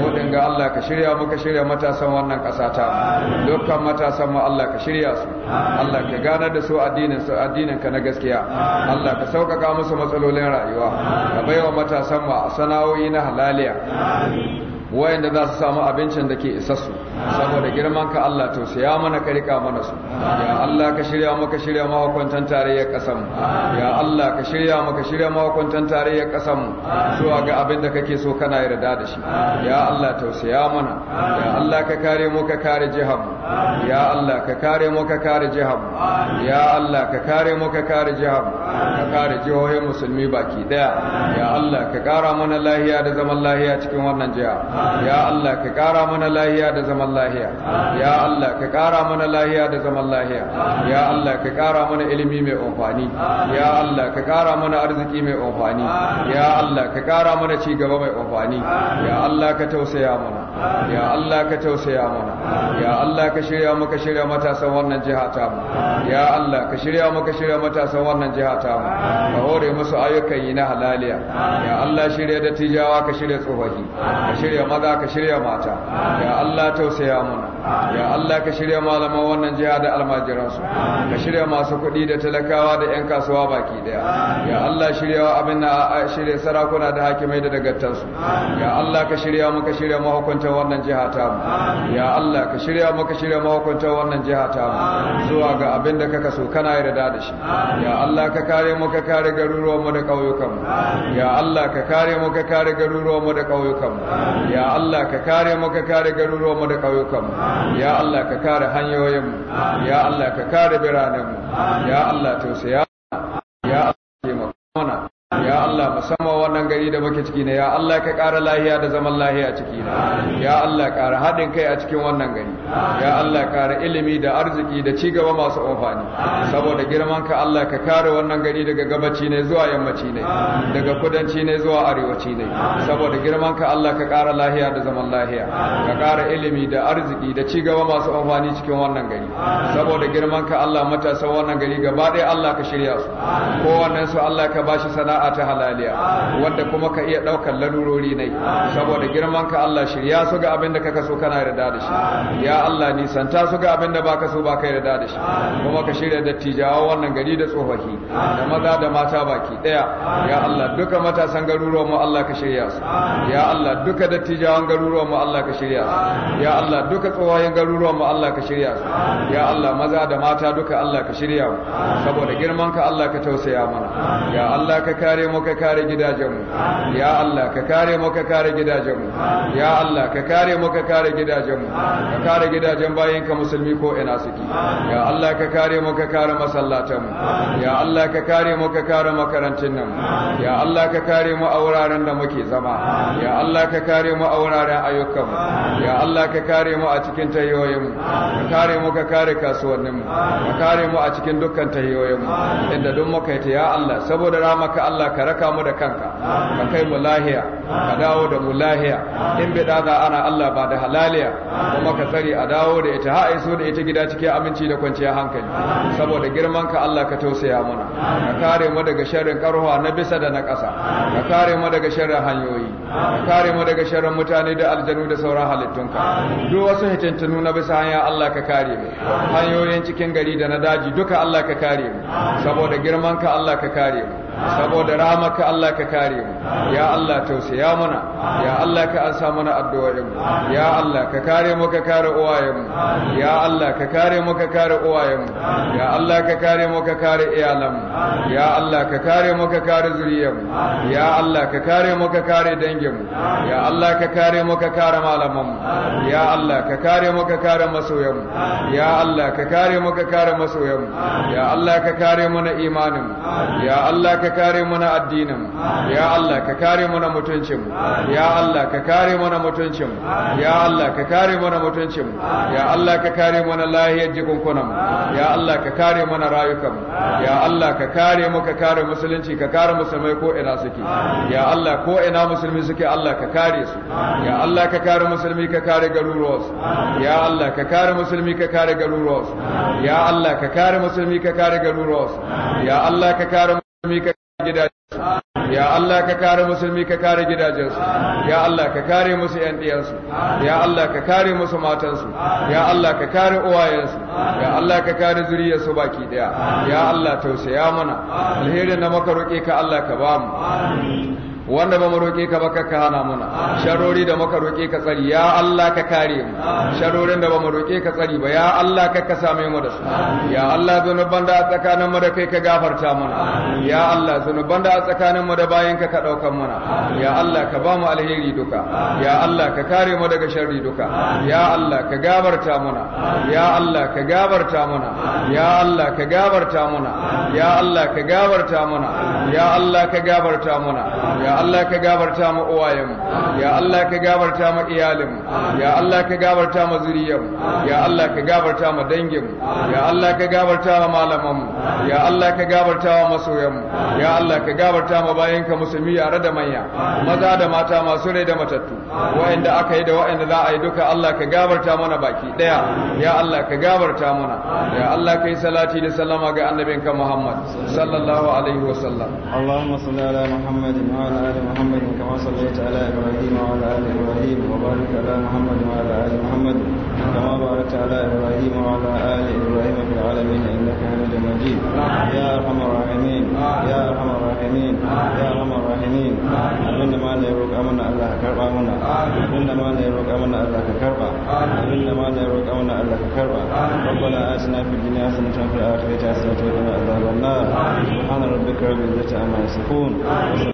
Speaker 1: mu dinga Allah ka shirya muka shirya matasan wannan ƙasa ta mu dukkan matasan mu Allah ka shirya su Allah ka gana da su addinin su addinin ka na gaskiya Allah ka sauƙaƙa musu matsalolin rayuwa ka wa matasan ma sana'o'i na halaliya wayanda za su samu abincin da ke isassu saboda girman ka Allah tausaya mana ka rika mana su ya Allah ka shirya maka shirya kwantan tarayyar kasam ya Allah ka shirya maka shirya kwantan tarayyar kasam mu zuwa ga abin da kake so kana yarda da shi ya Allah tausaya mana ya Allah ka kare mu ka kare jihar mu ya Allah ka kare mu ka kare jihar mu ya Allah ka kare mu ka kare jihar mu ka kare jihohin musulmi baki daya ya Allah ka kara mana lahiya da zaman lahiya cikin wannan jiha ya Allah ka kara mana lahiya da zaman zaman lahiya ya Allah ka ƙara mana lahiya da zaman lahiya ya Allah ka ƙara mana ilimi mai amfani ya Allah ka ƙara mana arziki mai amfani ya Allah ka ƙara mana ci gaba mai amfani ya Allah ka tausaya mana ya Allah ka tausaya mana ya Allah ka shirya maka shirya matasan wannan jiha ta mu ya Allah ka shirya maka shirya matasan wannan jiha ta mu ka hore musu ayyukan yi na halaliya ya Allah shirya da tijawa ka shirya tsofaffi ka shirya maza ka shirya mata ya Allah tausaya tausaya mana ya Allah ka shirya malama wannan jiha da almajiransu ka shirya masu kuɗi da talakawa da 'yan kasuwa baki
Speaker 5: daya ya
Speaker 1: Allah shirya abin na shirya sarakuna da hakimai da dagattarsu. ya Allah ka shirya muka shirya mahukuntar wannan jiha ta mu ya Allah ka shirya muka shirya mahukuntar wannan jiha ta mu zuwa ga abin da kaka so kana yarda da shi ya Allah ka kare mu ka kare garuruwan mu da ƙauyukan mu ya Allah ka kare mu ka kare garuruwan mu da ƙauyukan mu ya Allah ka kare mu ka kare garuruwan mu da ƙauyukan mu ya Allah ka kare hanyoyinmu ya Allah ka kare biranenmu ya Allah tausaya ya Allah taimaka mana ya Allah musamman wannan gari da muke ciki ne ya Allah ka ƙara lahiya da zaman lahiya ciki ne ya Allah ƙara haɗin kai a cikin wannan gari ya Allah ƙara ilimi da arziki da ci gaba masu amfani saboda girman ka Allah ka kare wannan gari daga gabaci ne zuwa yammaci ne daga kudanci ne zuwa arewaci ne saboda girman ka Allah ka ƙara lahiya da zaman lahiya ka ƙara ilimi da arziki da ci gaba masu amfani cikin wannan gari saboda girman ka Allah matasan wannan gari gaba ɗaya Allah ka shirya su kowannen su Allah ka bashi sana'a sana'a ta halaliya wanda kuma ka iya daukar larurori ne saboda girman ka Allah shirya su ga abin da kaka so kana yarda da shi ya Allah ta su ga abin da baka so baka yarda da shi kuma ka shirya dattijawa wannan gari da tsofaffi da maza da mata baki daya ya Allah duka matasan garuruwan mu Allah ka shirya su ya Allah duka dattijawan garuruwan mu Allah ka shirya su ya Allah duka tsowayen garuruwan mu Allah ka shirya su ya Allah maza da mata duka Allah ka shirya saboda girman ka Allah ka tausaya mana ya Allah ka kare mu ka kare gidajenmu ya Allah ka kare mu ka kare gidajenmu ya Allah ka kare mu ka kare gidajenmu ka kare gidajen bayin ka musulmi ko ina suke ya Allah ka kare mu ka kare masallatanmu ya Allah ka kare mu ka kare makarantun nan ya Allah ka kare mu a wuraren da muke zama ya Allah ka kare mu a wuraren ayyukanmu ya Allah ka kare mu a cikin tayoyinmu ka kare mu ka kare kasuwanninmu ka kare mu a cikin dukkan tayoyinmu inda duk muka yi ta ya Allah saboda ramaka Allah Allah ka raka mu da kanka ka kai mu lahiya ka dawo da mu lahiya in bi da ana Allah ba da halaliya kuma ka tsari a dawo da ita ha'ai so da ita gida cikin aminci da kwanciyar hankali saboda girman ka Allah ka tausaya mana ka kare mu daga sharrin karhuwa na bisa da na ƙasa ka kare mu daga sharrin hanyoyi ka kare mu daga sharrin mutane da aljanu da sauran halittunka duk wasu hitintunu na bisa hanya Allah ka kare mu hanyoyin cikin gari da na daji duka Allah ka kare mu saboda girman ka Allah ka kare mu saboda ramaka Allah
Speaker 5: ka kare mu ya Allah tausaya mana ya Allah ka ansa mana addu'o'in mu ya Allah ka kare mu ka kare uwayen mu ya Allah ka kare mu ka kare uwayen mu ya Allah ka kare mu ka kare iyalan ya Allah ka kare mu ka kare zuriyar mu
Speaker 1: ya Allah ka kare mu ka kare dangin mu ya Allah ka kare mu ka kare malaman mu ya Allah ka kare mu ka kare masoyan mu ya Allah ka kare mu ka kare masoyan
Speaker 5: mu ya
Speaker 1: Allah ka kare na imanin mu ya Allah ka. ka kare mana addinin mu ya Allah ka kare mana mutuncin mu ya Allah ka kare mana mutuncin mu ya Allah ka kare mana mutuncin mu ya Allah ka kare mana lahiyar jikunkunan mu ya Allah ka kare mana rayukan mu ya Allah ka kare mu ka kare musulunci ka kare musulmai ko ina suke ya Allah ko ina musulmi suke Allah ka kare su ya Allah ka kare musulmi ka kare garuruwarsu ya Allah ka kare musulmi ka kare garuruwarsu ya Allah ka kare musulmi ka kare garuruwarsu ya Allah ka kare musulmi ka gidajensu ya Allah ka kare musulmi ka kare gidajensu ya Allah ka kare musu yan diyansu ya Allah ka kare musu matansu ya Allah ka kare uwayensu ya Allah ka kare zuriyarsu baki daya ya Allah tausaya mana alherin da maka roƙe ka Allah ka bamu amin wanda ba mu roƙe ka ba ka hana muna sharori da muka roƙe ka tsari ya Allah ka kare mu sharorin da ba mu roƙe ka tsari ba ya Allah ka ka same mu da su ya Allah zunuban da a tsakanin mu da kai ka gafarta mana ya Allah zunuban da a tsakanin mu da bayan ka ka ɗaukan mana ya Allah ka ba mu alheri duka ya Allah ka kare mu daga sharri
Speaker 5: duka ya Allah ka gafarta mana ya Allah ka gafarta mana ya Allah ka gafarta mana ya Allah ka gafarta mana ya Allah ka gafarta mana ya ya Allah ka gabarta mu uwayenmu ya Allah ka gabarta mu iyalinmu ya Allah ka gabarta mu zuriyarmu ya Allah ka gabarta mu danginmu ya Allah ka gabarta mu malamanmu ya Allah ka gabarta mu masoyanmu ya Allah ka gabarta mu bayanka
Speaker 1: musulmi yare da manya maza da mata masu rai da matattu wa'anda aka yi da wa'anda za a yi duka Allah ka gabarta mana baki daya ya Allah ka gabarta mana ya Allah ka yi salati
Speaker 5: da Salama ga annabinka Muhammad sallallahu alaihi
Speaker 1: wa sallam Allahumma salli ala Muhammad
Speaker 2: wa ala آل محمد كما صليت على إبراهيم وعلى آل إبراهيم وبارك على محمد وعلى آل محمد كما باركت على إبراهيم وعلى آل إبراهيم في العالمين إنك حميد مجيد يا أرحم الراحمين يا أرحم الراحمين يا أرحم الراحمين أمنا ما ne roƙa mana Allah ka karba mana abinda ma ne roƙa mana Allah ka karba abinda ma ne roƙa mana ربنا آتنا في الدنيا حسنة وفي
Speaker 3: الآخرة حسنة وقنا عذاب النار سبحان ربك رب العزة عما يصفون